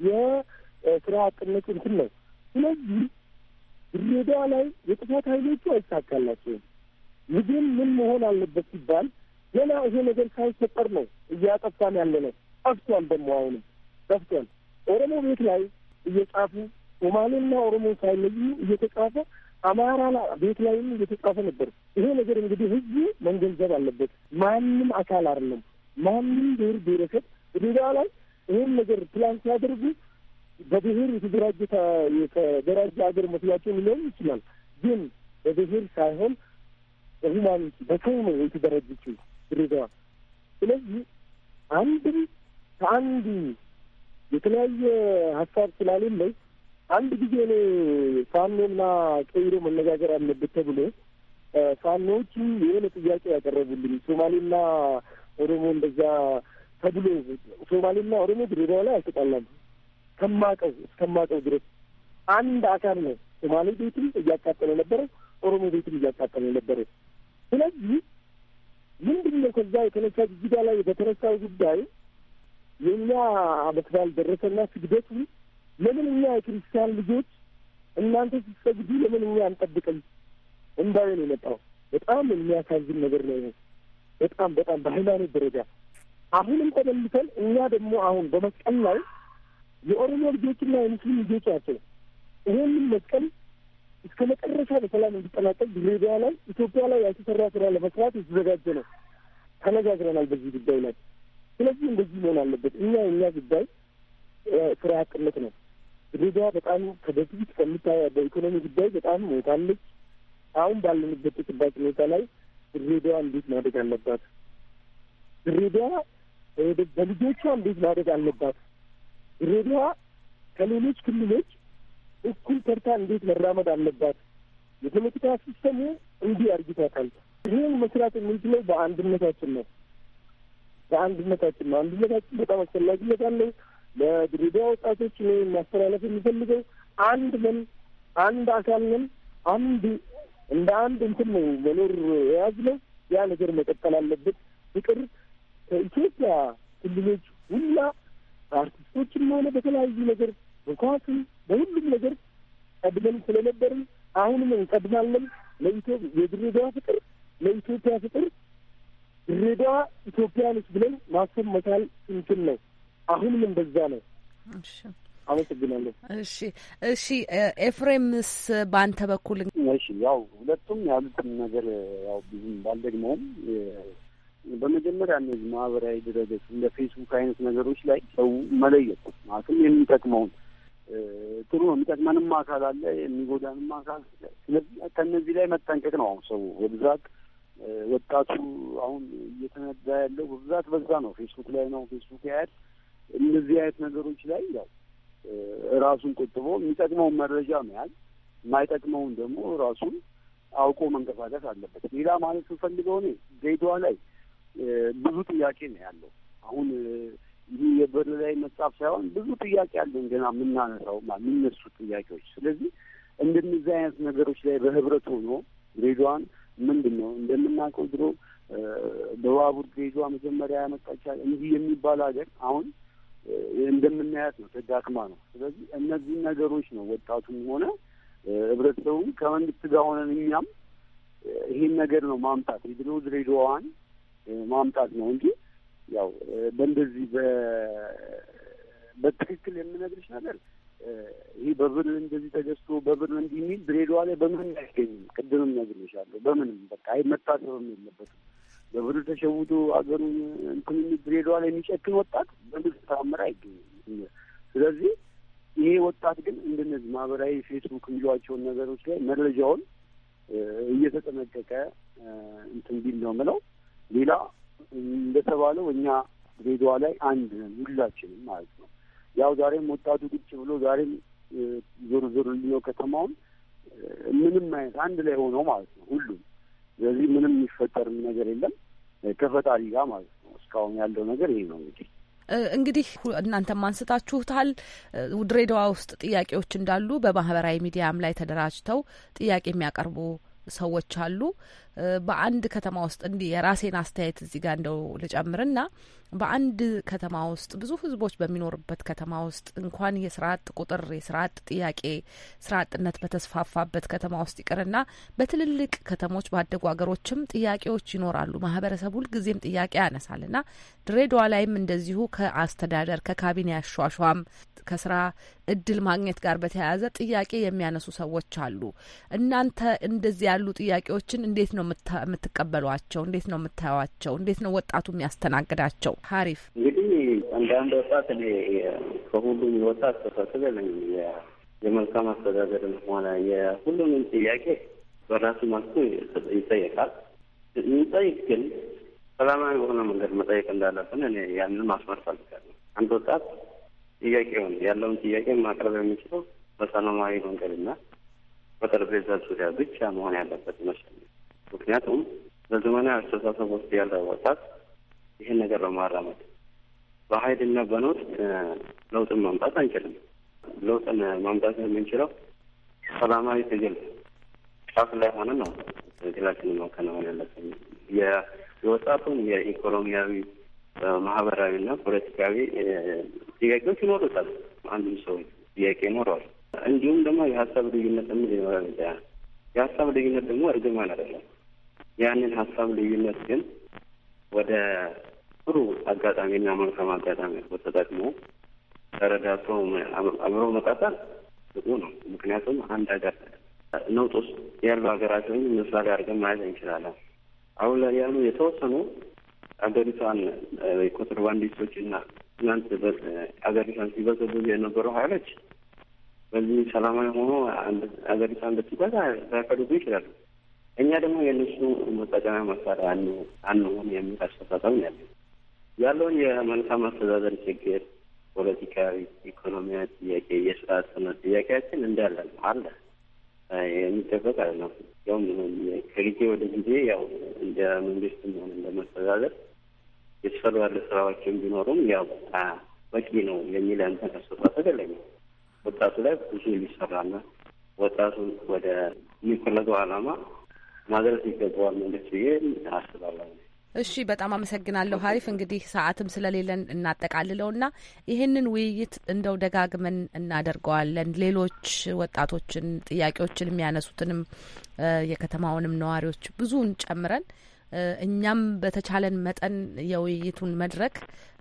የስራ አጥነት እንትን ነው። ስለዚህ ድሬዳዋ ላይ የጥፋት ኃይሎቹ አይሳካላቸውም። ምግብ ምን መሆን አለበት ሲባል ገና ይሄ ነገር ሳይፈጠር ነው እያጠፋን ያለ ነው። ጠፍቷል ደግሞ አሁንም ጠፍቷል። ኦሮሞ ቤት ላይ እየጻፉ ሶማሌና ኦሮሞ ሳይለዩ እየተጻፈ አማራ ቤት ላይም እየተጻፈ ነበር። ይሄ ነገር እንግዲህ ህዝቡ መንገንዘብ አለበት። ማንም አካል አይደለም። ማንም ብሔር ብሔረሰብ ድዳ ላይ ይህን ነገር ፕላን ሲያደርጉ በብሔር የተደራጀ የተደራጀ ሀገር መስላቸው ሊሆን ይችላል። ግን በብሔር ሳይሆን በሁማኒቲ በሰው ነው የተደራጀችው ድሬዳዋ። ስለዚህ አንድም ከአንድ የተለያየ ሀሳብ ስላሌለኝ አንድ ጊዜ እኔ ፋኖና ቀይሮ መነጋገር አለበት ተብሎ ፋኖዎቹ የሆነ ጥያቄ ያቀረቡልኝ ሶማሌና ኦሮሞ እንደዛ ተብሎ ሶማሌና ኦሮሞ ድሬዳዋ ላይ አልተጣላም ከማቀው እስከማቀው ድረስ አንድ አካል ነው። ሶማሌ ቤትም እያቃጠለ ነበረ፣ ኦሮሞ ቤትም እያቃጠለ ነበረ። ስለዚህ ምንድን ነው ከዛ የተነሳ ጅጅጋ ላይ በተነሳው ጉዳይ የእኛ አመት በዓል ደረሰና ስግደቱ ለምን እኛ የክርስቲያን ልጆች እናንተ ስትሰግዱ ለምን እኛ አንጠብቅም እንዳዩ ነው የመጣው። በጣም የሚያሳዝን ነገር ነው ይሄ። በጣም በጣም በሃይማኖት ደረጃ አሁንም ተመልሰን እኛ ደግሞ አሁን በመስቀል ላይ የኦሮሞ ልጆችና የሙስሊም ልጆች ናቸው። ይሄንን መስቀል እስከ መጨረሻ በሰላም እንዲጠናቀቅ ድሬዳዋ ላይ ኢትዮጵያ ላይ ያልተሰራ ስራ ለመስራት የተዘጋጀ ነው። ተነጋግረናል በዚህ ጉዳይ ላይ ስለዚህ እንደዚህ መሆን አለበት። እኛ የእኛ ጉዳይ ስራ አጥነት ነው። ድሬዳዋ በጣም ከበፊት ከምታ በኢኮኖሚ ጉዳይ በጣም ሞታለች። አሁን ባለንበት ተጨባጭ ሁኔታ ላይ ድሬዳዋ እንዴት ማደግ አለባት? ድሬዳዋ በልጆቿ እንዴት ማደግ አለባት? ድሬዳዋ ከሌሎች ክልሎች እኩል ተርታ እንዴት መራመድ አለባት? የፖለቲካ ሲስተሙ እንዲህ አርጊቷታል። ይህን መስራት የምንችለው በአንድነታችን ነው። በአንድነታችን ነው። አንድነታችን በጣም አስፈላጊነት አለው። ለድሬዳዋ ወጣቶች እኔ ማስተላለፍ የሚፈልገው አንድ ምን አንድ አካል ምን አንድ እንደ አንድ እንትን ነው መኖር ነው። ያ ነገር መቀጠል አለበት። ፍቅር ከኢትዮጵያ ክልሎች ሁላ አርቲስቶችም ሆነ በተለያዩ ነገር በኳስም በሁሉም ነገር ቀድመን ስለነበርን አሁንም እንቀድማለን። ለኢትዮ የድሬዳዋ ፍቅር ለኢትዮጵያ ፍቅር ድሬዳዋ ኢትዮጵያ ነች ብለን ማሰብ መቻል እንትን ነው። አሁንም እንደዛ ነው። አመሰግናለሁ። እሺ፣ እሺ። ኤፍሬምስ በአንተ በኩል እሺ፣ ያው ሁለቱም ያሉትን ነገር ያው ብዙም ባልደግመውም በመጀመሪያ እነዚህ ማህበራዊ ድረገጽ እንደ ፌስቡክ አይነት ነገሮች ላይ ሰው መለየት ማለትም የሚጠቅመውን ጥሩ ነው፣ የሚጠቅመንም አካል አለ፣ የሚጎዳንም አካል ስለዚህ ከእነዚህ ላይ መጠንቀቅ ነው አሁን ሰው በብዛት ወጣቱ አሁን እየተነዳ ያለው በብዛት በዛ ነው። ፌስቡክ ላይ ነው። ፌስቡክ ያያል። እነዚህ አይነት ነገሮች ላይ ያው ራሱን ቆጥቦ የሚጠቅመውን መረጃ መያዝ፣ የማይጠቅመውን ደግሞ ራሱን አውቆ መንቀሳቀስ አለበት። ሌላ ማለት ስንፈልገው እኔ ድሬዳዋ ላይ ብዙ ጥያቄ ነው ያለው። አሁን ይህ የበር ላይ መጽሐፍ ሳይሆን ብዙ ጥያቄ አለን ገና የምናነሳው የሚነሱ ጥያቄዎች። ስለዚህ እንደነዚህ አይነት ነገሮች ላይ በህብረት ሆኖ ድሬዳዋን ምንድን ነው እንደምናውቀው ድሮ በባቡር ጌጇ መጀመሪያ ያመጣቻል እንዲህ የሚባል ሀገር አሁን እንደምናያት ነው፣ ተዳክማ ነው። ስለዚህ እነዚህ ነገሮች ነው ወጣቱም ሆነ ህብረተሰቡም ከመንግስት ጋር ሆነን እኛም ይሄን ነገር ነው ማምጣት የድሮ ድሬዳዋን ማምጣት ነው እንጂ ያው በእንደዚህ በትክክል የምነግርሽ ነገር ይህ በብር እንደዚህ ተገዝቶ በብር እንዲህ የሚል ድሬዳዋ ላይ በምንም አይገኝም። ቅድምም ነግሬሻለሁ። በምንም በቃ አይ መታሰብም የለበትም። በብር ተሸውዶ አገሩን እንትን የሚል ድሬዳዋ ላይ የሚጨክን ወጣት በምር ተአምር አይገኝም። ስለዚህ ይሄ ወጣት ግን እንደነዚህ ማህበራዊ ፌስቡክ የሚሏቸውን ነገሮች ላይ መረጃውን እየተጠነቀቀ እንትን ቢል ነው ምለው። ሌላ እንደተባለው እኛ ድሬዳዋ ላይ አንድ ነን ሁላችንም ማለት ነው ያው ዛሬም ወጣቱ ቁጭ ብሎ ዛሬም ዞር ዞር ነው ከተማውን ምንም አይነት አንድ ላይ ሆኖ ማለት ነው ሁሉም። ስለዚህ ምንም የሚፈጠርም ነገር የለም ከፈጣሪ ጋር ማለት ነው። እስካሁን ያለው ነገር ይሄ ነው እንግዲህ እንግዲህ እናንተም አንስታችሁታል። ድሬዳዋ ውስጥ ጥያቄዎች እንዳሉ በማህበራዊ ሚዲያም ላይ ተደራጅተው ጥያቄ የሚያቀርቡ ሰዎች አሉ። በአንድ ከተማ ውስጥ እንዲህ የራሴን አስተያየት እዚህ ጋር እንደው ልጨምርና በአንድ ከተማ ውስጥ ብዙ ህዝቦች በሚኖርበት ከተማ ውስጥ እንኳን የስራ አጥ ቁጥር የስራ አጥ ጥያቄ ስራ አጥነት በተስፋፋበት ከተማ ውስጥ ይቅርና በትልልቅ ከተሞች ባደጉ ሀገሮችም ጥያቄዎች ይኖራሉ። ማህበረሰቡ ሁልጊዜም ጥያቄ ያነሳልና ድሬዳዋ ላይም እንደዚሁ ከአስተዳደር ከካቢኔ አሿሿም ከስራ እድል ማግኘት ጋር በተያያዘ ጥያቄ የሚያነሱ ሰዎች አሉ። እናንተ እንደዚህ ያሉ ጥያቄዎችን እንዴት ነው የምትቀበሏቸው? እንዴት ነው የምታዩቸው እንዴት ነው ወጣቱ የሚያስተናግዳቸው? ሀሪፍ እንግዲህ አንዳንድ ወጣት እኔ ከሁሉም ወጣት ተሳስበለኝ የመልካም አስተዳደር ሆነ የሁሉንም ጥያቄ በራሱ መልኩ ይጠየቃል። የሚጠይቅ ግን ሰላማዊ በሆነ መንገድ መጠየቅ እንዳለብን እኔ ያንን ማስመር ፈልጋለሁ። አንድ ወጣት ጥያቄውን ያለውን ጥያቄ ማቅረብ የሚችለው በሰላማዊ መንገድና በጠረጴዛ ዙሪያ ብቻ መሆን ያለበት ይመስለኛል። ምክንያቱም በዘመናዊ አስተሳሰብ ውስጥ ያለ ወጣት ይህን ነገር በማራመድ በሀይልና በኖት ለውጥን ማምጣት አንችልም። ለውጥን ማምጣት የምንችለው ሰላማዊ ትግል ጫፍ ላይ ሆነ ነው ትግላችን መከናወን ያለብን። የወጣቱን የኢኮኖሚያዊ ማህበራዊና ፖለቲካዊ ጥያቄዎች ይኖሩታል። አንዱ ሰው ጥያቄ ይኖረዋል። እንዲሁም ደግሞ የሀሳብ ልዩነት የሚል ይኖራል። የሀሳብ ልዩነት ደግሞ እርግማን አይደለም። ያንን ሀሳብ ልዩነት ግን ወደ ጥሩ አጋጣሚና መልካም አጋጣሚ ተጠቅሞ ተረዳቶ አብሮ መቀጠል ጥሩ ነው። ምክንያቱም አንድ ሀገር ነውጥ ውስጥ ያሉ ሀገራትን ምሳሌ አድርገን ማየት እንችላለን። አሁን ላይ ያሉ የተወሰኑ ሀገሪቷን ኮንትሮባንዲስቶች እና ትናንት ሀገሪቷን ሲበዘብዙ የነበሩ ሀይሎች በዚህ ሰላማዊ ሆኖ ሀገሪቷን እንድትጓዝ ሊያከዱጉ ይችላሉ። እኛ ደግሞ የእነሱ መጠቀሚያ መሳሪያ አንሆን የሚል አስተሳሰብ ያለ ያለውን የመልካም አስተዳደር ችግር፣ ፖለቲካዊ፣ ኢኮኖሚያዊ ጥያቄ፣ የስራ ጥነት ጥያቄያችን እንዳለ ነው አለ የሚጠበቅ አይደለም። ያው ከጊዜ ወደ ጊዜ ያው እንደ መንግስትም ሆነ እንደ መስተዳደር የተሰሩ ያለ ስራዎችን ቢኖሩም ያው በቂ ነው የሚል እንትን አስተሳሰብ የለኝም። ወጣቱ ላይ ብዙ የሚሰራና ወጣቱ ወደ የሚፈለገው አላማ ማድረስ ይገባዋል መንግስት ብዬ አስባለሁ። እሺ፣ በጣም አመሰግናለሁ። ሀሪፍ እንግዲህ ሰዓትም ስለሌለን እናጠቃልለው እና ይህንን ውይይት እንደው ደጋግመን እናደርገዋለን። ሌሎች ወጣቶችን ጥያቄዎችን የሚያነሱትንም የከተማውንም ነዋሪዎች ብዙውን ጨምረን እኛም በተቻለን መጠን የውይይቱን መድረክ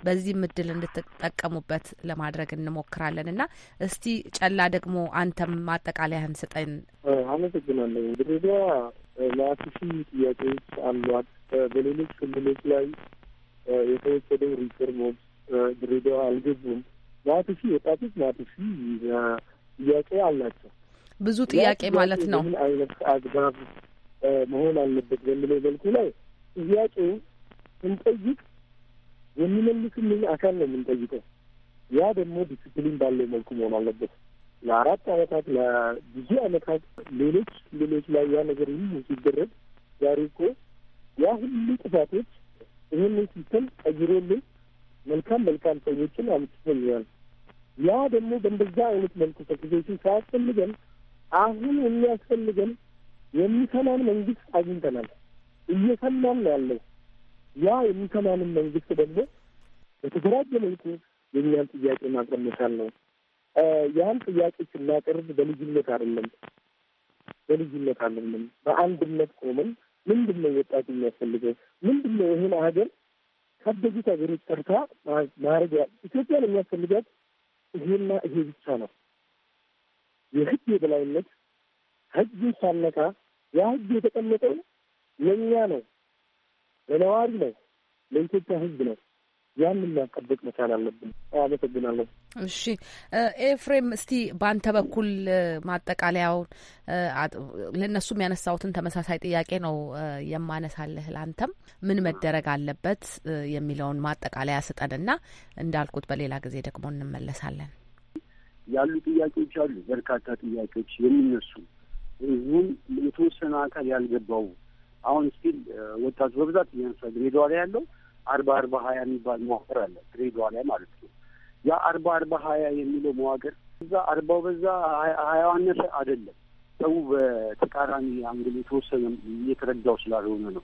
በዚህ ምድል እንድትጠቀሙበት ለማድረግ እንሞክራለን እና እስቲ ጨላ ደግሞ አንተም ማጠቃለያህን ስጠን። አመሰግናለሁ። ድሬዳዋ ለአት ሺህ ጥያቄዎች አሏት። በሌሎች ክልሎች ላይ የተወሰደው ሪፎርሞች ድሬዳዋ አልገቡም። ለአት ሺህ ወጣቶች ለአት ሺህ ጥያቄ አላቸው። ብዙ ጥያቄ ማለት ነው። ምን አይነት አግባብ መሆን አለበት በሚለው መልኩ ላይ ጥያቄ ስንጠይቅ የሚመልስልን አካል ነው የምንጠይቀው። ያ ደግሞ ዲስፕሊን ባለው መልኩ መሆን አለበት። ለአራት አመታት ለብዙ አመታት ሌሎች ክልሎች ላይ ያ ነገር ሁሉ ሲደረግ ዛሬ እኮ ያ ሁሉ ጥፋቶች ይህን ሲስተም ቀይሮልን መልካም መልካም ሰዎችን አምጥቶኛል። ያ ደግሞ በእንደዛ አይነት መልኩ ተክዜሽን ሳያስፈልገን አሁን የሚያስፈልገን የሚሰማን መንግስት አግኝተናል። እየሰማን ነው ያለው። ያ የሚሰማንን መንግስት ደግሞ በተደራጀ መልኩ የእኛን ጥያቄ ማቅረብ መቻል ነው። ያን ጥያቄ ስናቀርብ በልዩነት አይደለም፣ በልዩነት አይደለም፣ በአንድነት ቆመን ምንድን ነው ወጣቱ የሚያስፈልገው? ምንድን ነው ይህን ሀገር ካደጉት ሀገሮች ጠርታ ማድረግ ኢትዮጵያን የሚያስፈልጋት ይሄና ይሄ ብቻ ነው። የህግ የበላይነት ህግ ሳነቃ ያ ህግ የተቀመጠው ለእኛ ነው፣ ለነዋሪ ነው፣ ለኢትዮጵያ ህዝብ ነው። ያንን ማስጠበቅ መቻል አለብን። አመሰግናለሁ። እሺ ኤፍሬም፣ እስቲ በአንተ በኩል ማጠቃለያውን ለእነሱም ያነሳሁትን ተመሳሳይ ጥያቄ ነው የማነሳልህ። ለአንተም ምን መደረግ አለበት የሚለውን ማጠቃለያ ስጠንና እንዳልኩት በሌላ ጊዜ ደግሞ እንመለሳለን። ያሉ ጥያቄዎች አሉ፣ በርካታ ጥያቄዎች የሚነሱ ህዝቡም የተወሰነ አካል ያልገባው አሁን ስቲል ወጣቱ በብዛት እያነሳ ድሬዳዋ ላይ ያለው አርባ አርባ ሀያ የሚባል መዋቅር አለ ድሬዳዋ ላይ ማለት ነው። ያ አርባ አርባ ሀያ የሚለው መዋቅር እዛ አርባው በዛ ሀያው አነሰ አይደለም። ሰው በተቃራኒ አንግል የተወሰነ እየተረዳው ስላልሆነ ነው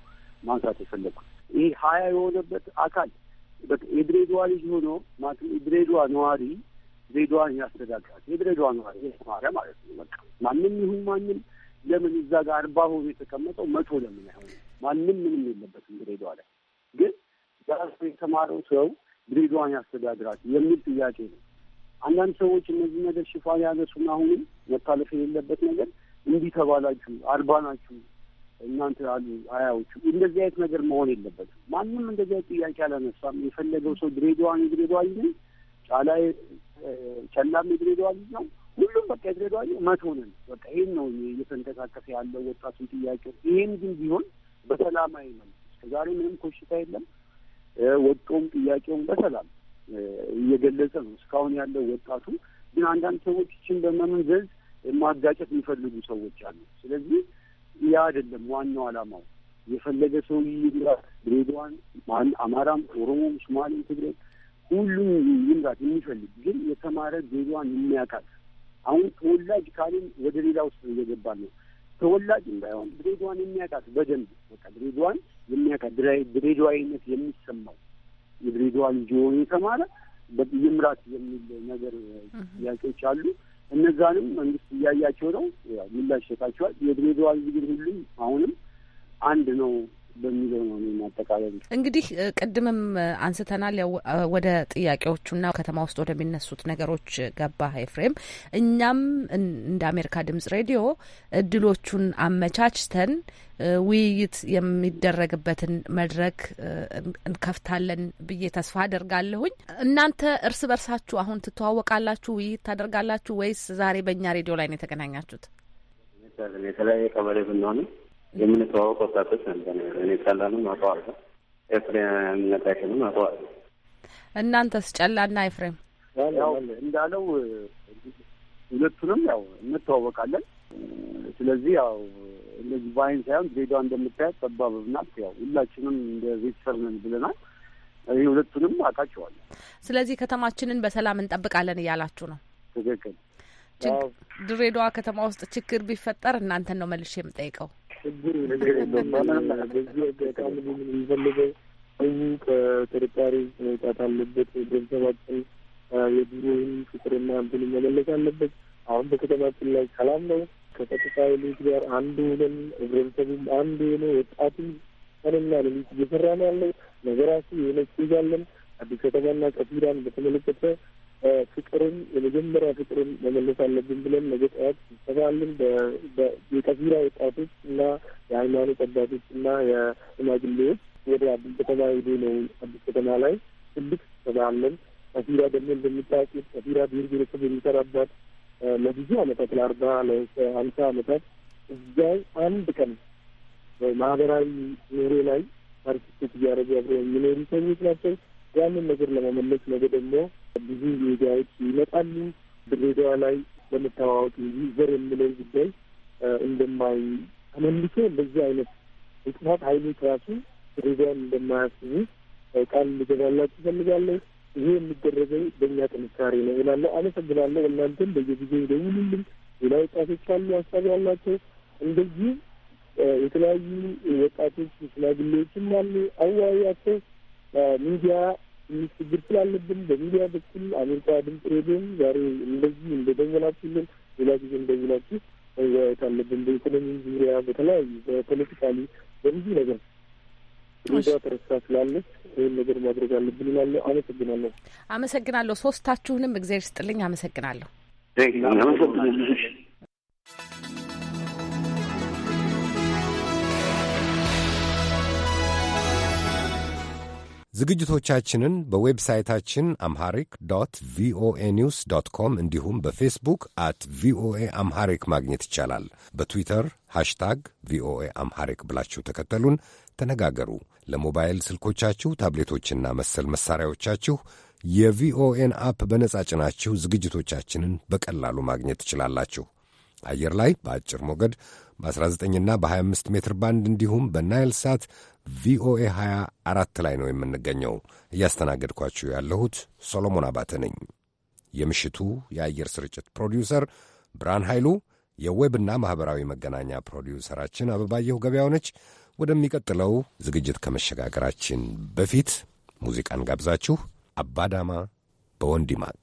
ማንሳት የፈለግኩት። ይህ ሀያ የሆነበት አካል የድሬዳዋ ልጅ ሆኖ ማለት የድሬዳዋ ነዋሪ ድሬዳዋን ያስተዳድራት የድሬዳዋ ነዋሪ የተማረ ማለት ነው። በቃ ማንም ይሁን ማንም ለምን እዛ ጋር አርባ ሆኖ የተቀመጠው መቶ ለምን አይሆንም? ማንም ምንም የለበትም ድሬዷ ላይ ግን ራሱ የተማረው ሰው ድሬዷን ያስተዳድራት የሚል ጥያቄ ነው። አንዳንድ ሰዎች እነዚህ ነገር ሽፋን ያነሱን አሁንም መታለፍ የሌለበት ነገር እንዲህ ተባላችሁ አርባ ናችሁ እናንተ ያሉ አያዎቹ እንደዚህ አይነት ነገር መሆን የለበትም። ማንም እንደዚህ አይነት ጥያቄ አላነሳም። የፈለገው ሰው ድሬዳዋን የድሬዳዋ ይሁን ጫላ ጨላም የድሬዳዋ ልጅ ነው። ሁሉም በቃ የድሬዳዋ መቶ ነን። በቃ ይህን ነው እየተንቀሳቀሰ ያለው ወጣቱን ጥያቄ። ይህን ግን ቢሆን በሰላማዊ መልክ እስከዛሬ ምንም ኮሽታ የለም። ወጦም ጥያቄውን በሰላም እየገለጸ ነው እስካሁን ያለው ወጣቱ። ግን አንዳንድ ሰዎች ይችን በመመንዘዝ ማጋጨት የሚፈልጉ ሰዎች አሉ። ስለዚህ ያ አይደለም ዋናው አላማው። የፈለገ ሰው ድሬዳዋን፣ አማራም፣ ኦሮሞም፣ ሶማሌም፣ ትግሬም ሁሉም ይምራት የሚፈልግ ግን የተማረ ዜጓን የሚያውቃት አሁን ተወላጅ ካልን ወደ ሌላ ውስጥ እየገባ ነው። ተወላጅ እንዳይሆን ድሬዳዋን የሚያውቃት በደንብ በቃ ድሬዳዋን የሚያውቃት ድሬዳዋዊነት የሚሰማው የድሬዳዋ ልጅ የሆኑ የተማረ ይምራት የሚል ነገር ጥያቄዎች አሉ። እነዛንም መንግስት እያያቸው ነው። ምላሽ ይሰጣቸዋል። የድሬዳዋ ልጅ ግን ሁሉም አሁንም አንድ ነው በሚለው ነው ማጠቃለል። እንግዲህ ቅድምም አንስተናል። ወደ ጥያቄዎቹና ከተማ ውስጥ ወደሚነሱት ነገሮች ገባ ኤፍሬም። እኛም እንደ አሜሪካ ድምጽ ሬዲዮ እድሎቹን አመቻችተን ውይይት የሚደረግበትን መድረክ እንከፍታለን ብዬ ተስፋ አደርጋለሁኝ። እናንተ እርስ በርሳችሁ አሁን ትተዋወቃላችሁ? ውይይት ታደርጋላችሁ ወይስ ዛሬ በእኛ ሬዲዮ ላይ ነው የተገናኛችሁት? የተለያየ ቀበሌ ብንሆንም የምንተዋወቅ ወጣቶች ነበር። እኔ ጨላንም አውቀዋለሁ፣ ኤፍሬም ነጋሽንም አውቀዋለሁ። እናንተስ ጨላና ኤፍሬም? ያው እንዳለው ሁለቱንም ያው እንተዋወቃለን። ስለዚህ ያው እንደዚህ በአይን ሳይሆን ዜዳዋ እንደምታያት ጠባብ ናት። ያው ሁላችንም እንደ ቤተሰብ ነን ብለናል። ይህ ሁለቱንም አውቃቸዋለሁ። ስለዚህ ከተማችንን በሰላም እንጠብቃለን እያላችሁ ነው? ትክክል። ድሬዳዋ ከተማ ውስጥ ችግር ቢፈጠር እናንተን ነው መልሼ የምጠይቀው። ችግር ነገር የለውም። በዚህ አጋጣሚ ግን ህዝቡ ከጥርጣሬ መውጣት አለበት። ገንዘባችን የድሮውን ፍቅርና እንትን መመለስ አለበት። አሁን በከተማችን ላይ ሰላም ነው። ከጸጥታ ኃይሎች ጋር አንድ ሆነን ህብረተሰቡም አንድ ሆነ ወጣቱም ቀንና ሌሊት እየሰራ ነው ያለው። ነገራችን የሆነ ችዛለን አዲስ ከተማና ቀፊራን በተመለከተ ፍቅርን የመጀመሪያ ፍቅርን መመለስ አለብን ብለን ነገ ጠዋት ይሰራልን የቀፊራ ወጣቶች እና የሃይማኖት አባቶች እና የሽማግሌዎች ወደ አዲስ ከተማ ሄዶ ነው። አዲስ ከተማ ላይ ትልቅ ስብሰባ አለን። ቀፊራ ደግሞ እንደሚታወቁት ቀፊራ ብሔር ብሔረሰብ የሚሰራባት ለብዙ አመታት ለአርባ ለአምሳ አመታት እዚያው አንድ ቀን ማህበራዊ ኑሮ ላይ ፓርቲስፔት እያደረጉ አብረው የሚኖሩ ሰዎች ናቸው። ያንን ነገር ለመመለስ ነገ ደግሞ ብዙ ሚዲያዎች ይመጣሉ። ድሬዳዋ ላይ በመተዋወቅ ዩዘር የምለው ጉዳይ እንደማይ ተመልሶ በዚህ አይነት የጥፋት ኃይሎች ራሱ ድሬዳዋን እንደማያስቡ ቃል ልገባላችሁ እፈልጋለሁ። ይሄ የሚደረገው በእኛ ጥንካሬ ነው እላለሁ። አመሰግናለሁ። እናንተም በየጊዜው ደውሉልኝ። ሌላ ወጣቶች ካሉ ሀሳብ ያላቸው እንደዚህ የተለያዩ ወጣቶች ሽማግሌዎችም አሉ። አዋያቸው ሚዲያ ችግር ስላለብን በሚዲያ በኩል አሜሪካ ድምጽ ሬዲዮም ዛሬ እንደዚህ እንደደወላችሁልን ሌላ ጊዜ እንደውላችሁ መወያየት አለብን። በኢኮኖሚ ዙሪያ፣ በተለያዩ በፖለቲካሊ፣ በብዙ ነገር ሚዲያ ተረሳ ስላለች ይህን ነገር ማድረግ አለብን ይላለ። አመሰግናለሁ። አመሰግናለሁ። ሶስታችሁንም እግዜር ስጥልኝ። አመሰግናለሁ። አመሰግናለሁ። ዝግጅቶቻችንን በዌብሳይታችን አምሃሪክ ዶት ቪኦኤ ኒውስ ዶት ኮም እንዲሁም በፌስቡክ አት ቪኦኤ አምሃሪክ ማግኘት ይቻላል። በትዊተር ሃሽታግ ቪኦኤ አምሃሪክ ብላችሁ ተከተሉን፣ ተነጋገሩ። ለሞባይል ስልኮቻችሁ ታብሌቶችና መሰል መሳሪያዎቻችሁ የቪኦኤን አፕ በነጻ ጭናችሁ ዝግጅቶቻችንን በቀላሉ ማግኘት ትችላላችሁ። አየር ላይ በአጭር ሞገድ በ19ና በ25 ሜትር ባንድ እንዲሁም በናይል ሳት ቪኦኤ 24 ላይ ነው የምንገኘው። እያስተናገድኳችሁ ያለሁት ሶሎሞን አባተ ነኝ። የምሽቱ የአየር ስርጭት ፕሮዲውሰር ብርሃን ኃይሉ፣ የዌብና ማኅበራዊ መገናኛ ፕሮዲውሰራችን አበባየሁ ገበያው ነች። ወደሚቀጥለው ዝግጅት ከመሸጋገራችን በፊት ሙዚቃን ጋብዛችሁ አባዳማ በወንዲማክ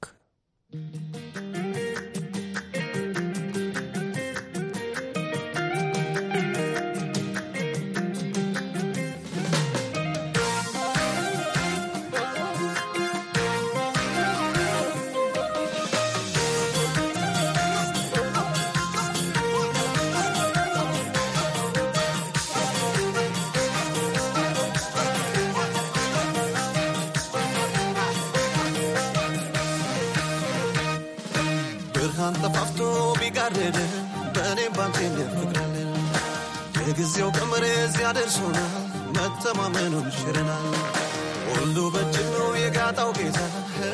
አንጠፋፍቶ ቢጋርድ በእኔም ባንቴ እንደፍቅራል የጊዜው ቀመሬ እዚያ ደርሶናል፣ መተማመኑም ሽረናል። ሁሉ በእጅ ነው የጋጣው ጌታ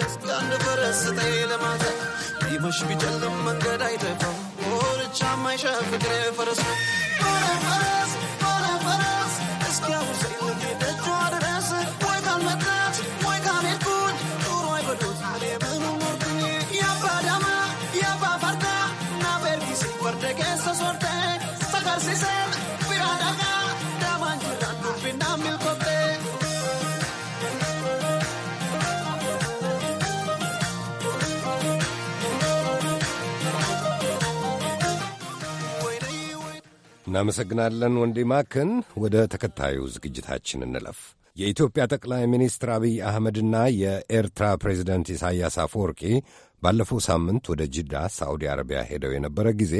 እስኪ አንበረስ ስጠኝ ለማታ ቢመሽ ቢጨልም መንገድ አይጠፋም ሆርቻ ማይሻ ፍቅሬ ፈረስ ፈረስ ፈረስ እስኪ እናመሰግናለን ወንዴ ማክን። ወደ ተከታዩ ዝግጅታችን እንለፍ። የኢትዮጵያ ጠቅላይ ሚኒስትር አብይ አህመድና የኤርትራ ፕሬዚደንት ኢሳያስ አፈወርቂ ባለፈው ሳምንት ወደ ጅዳ ሳዑዲ አረቢያ ሄደው የነበረ ጊዜ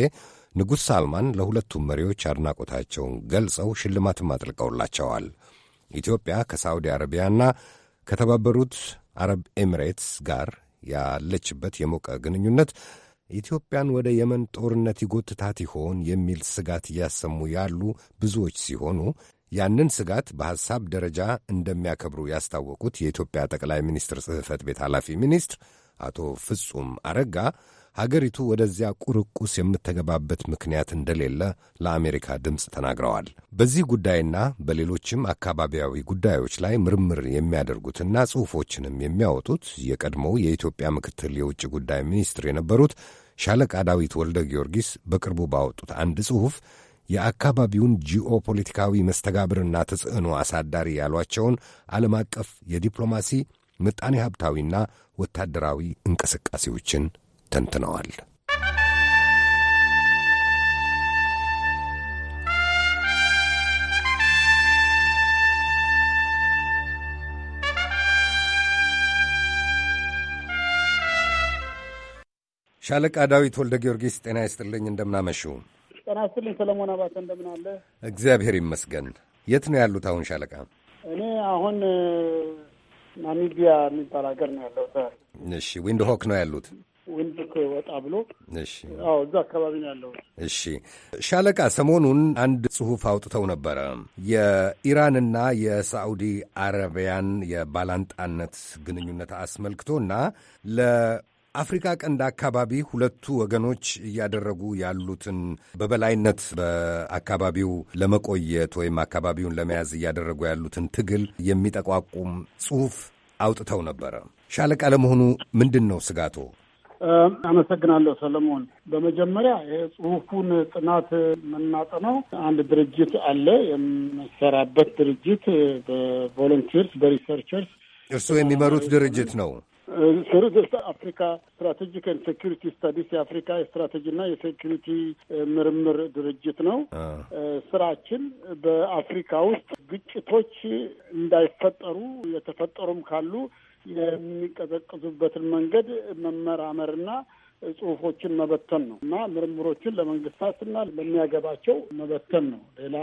ንጉሥ ሳልማን ለሁለቱም መሪዎች አድናቆታቸውን ገልጸው ሽልማትም አጥልቀውላቸዋል። ኢትዮጵያ ከሳዑዲ አረቢያና ከተባበሩት አረብ ኤሚሬትስ ጋር ያለችበት የሞቀ ግንኙነት ኢትዮጵያን ወደ የመን ጦርነት ይጎትታት ይሆን የሚል ስጋት እያሰሙ ያሉ ብዙዎች ሲሆኑ ያንን ስጋት በሐሳብ ደረጃ እንደሚያከብሩ ያስታወቁት የኢትዮጵያ ጠቅላይ ሚኒስትር ጽሕፈት ቤት ኃላፊ ሚኒስትር አቶ ፍጹም አረጋ ሀገሪቱ ወደዚያ ቁርቁስ የምትገባበት ምክንያት እንደሌለ ለአሜሪካ ድምፅ ተናግረዋል። በዚህ ጉዳይና በሌሎችም አካባቢያዊ ጉዳዮች ላይ ምርምር የሚያደርጉትና ጽሑፎችንም የሚያወጡት የቀድሞው የኢትዮጵያ ምክትል የውጭ ጉዳይ ሚኒስትር የነበሩት ሻለቃ ዳዊት ወልደ ጊዮርጊስ በቅርቡ ባወጡት አንድ ጽሑፍ የአካባቢውን ጂኦፖለቲካዊ መስተጋብርና ተጽዕኖ አሳዳሪ ያሏቸውን ዓለም አቀፍ የዲፕሎማሲ ምጣኔ ሀብታዊና ወታደራዊ እንቅስቃሴዎችን ተንትነዋል። ሻለቃ ዳዊት ወልደ ጊዮርጊስ ጤና ይስጥልኝ። እንደምናመሹ። ጤና ይስጥልኝ ሰለሞን አባተ እንደምን አለ? እግዚአብሔር ይመስገን። የት ነው ያሉት አሁን ሻለቃ? እኔ አሁን ናሚቢያ የሚባል ሀገር ነው ያለሁት። እሺ፣ ዊንድሆክ ሆክ ነው ያሉት? ወንድኮ ወጣ ብሎ አዎ፣ እዛ አካባቢ ነው ያለው። እሺ ሻለቃ፣ ሰሞኑን አንድ ጽሁፍ አውጥተው ነበረ የኢራንና የሳዑዲ አረቢያን የባላንጣነት ግንኙነት አስመልክቶ እና ለ አፍሪካ ቀንድ አካባቢ ሁለቱ ወገኖች እያደረጉ ያሉትን በበላይነት በአካባቢው ለመቆየት ወይም አካባቢውን ለመያዝ እያደረጉ ያሉትን ትግል የሚጠቋቁም ጽሁፍ አውጥተው ነበረ። ሻለቃ ለመሆኑ ምንድን ነው ስጋቶ? አመሰግናለሁ ሰለሞን። በመጀመሪያ የጽሁፉን ጥናት የምናጠነው አንድ ድርጅት አለ የምሰራበት ድርጅት በቮለንቲርስ በሪሰርቸርስ እርስዎ የሚመሩት ድርጅት ነው። ስሩስ አፍሪካ ስትራቴጂክ ኤንድ ሴኪሪቲ ስታዲስ የአፍሪካ የስትራቴጂና የሴኪሪቲ ምርምር ድርጅት ነው። ስራችን በአፍሪካ ውስጥ ግጭቶች እንዳይፈጠሩ የተፈጠሩም ካሉ የሚቀዘቅዙበትን መንገድ መመራመርና ጽሁፎችን መበተን ነው እና ምርምሮችን ለመንግስታትና ለሚያገባቸው መበተን ነው። ሌላ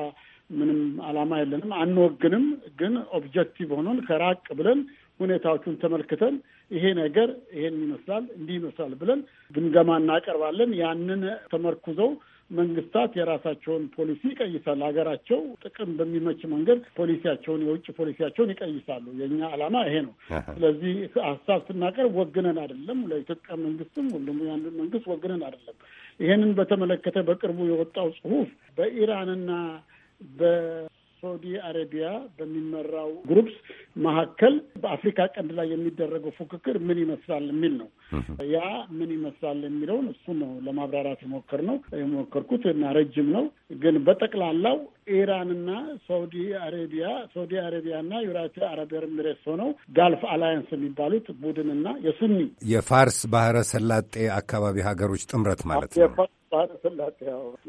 ምንም አላማ የለንም። አንወግንም፣ ግን ኦብጀክቲቭ ሆኖን ከራቅ ብለን ሁኔታዎቹን ተመልክተን ይሄ ነገር ይሄን ይመስላል እንዲህ ይመስላል ብለን ግምገማ እናቀርባለን። ያንን ተመርኩዘው መንግስታት የራሳቸውን ፖሊሲ ይቀይሳል። ሀገራቸው ጥቅም በሚመች መንገድ ፖሊሲያቸውን የውጭ ፖሊሲያቸውን ይቀይሳሉ። የእኛ ዓላማ ይሄ ነው። ስለዚህ ሀሳብ ስናቀርብ ወግነን አይደለም፣ ለኢትዮጵያ መንግስትም ሁሉም ያንን መንግስት ወግነን አይደለም። ይሄንን በተመለከተ በቅርቡ የወጣው ጽሁፍ በኢራንና በሳውዲ አረቢያ በሚመራው ግሩፕስ መካከል በአፍሪካ ቀንድ ላይ የሚደረገው ፉክክር ምን ይመስላል የሚል ነው። ያ ምን ይመስላል የሚለውን እሱ ነው ለማብራራት የሞከር ነው የሞከርኩት እና ረጅም ነው ግን በጠቅላላው ኢራንና ሳውዲ አሬቢያ ሳውዲ አሬቢያና ዩናይትድ አረብ ኤምሬትስ ሆነው ጋልፍ አላያንስ የሚባሉት ቡድንና የሱኒ የፋርስ ባህረ ሰላጤ አካባቢ ሀገሮች ጥምረት ማለት ነው። ባህረ ሰላጤ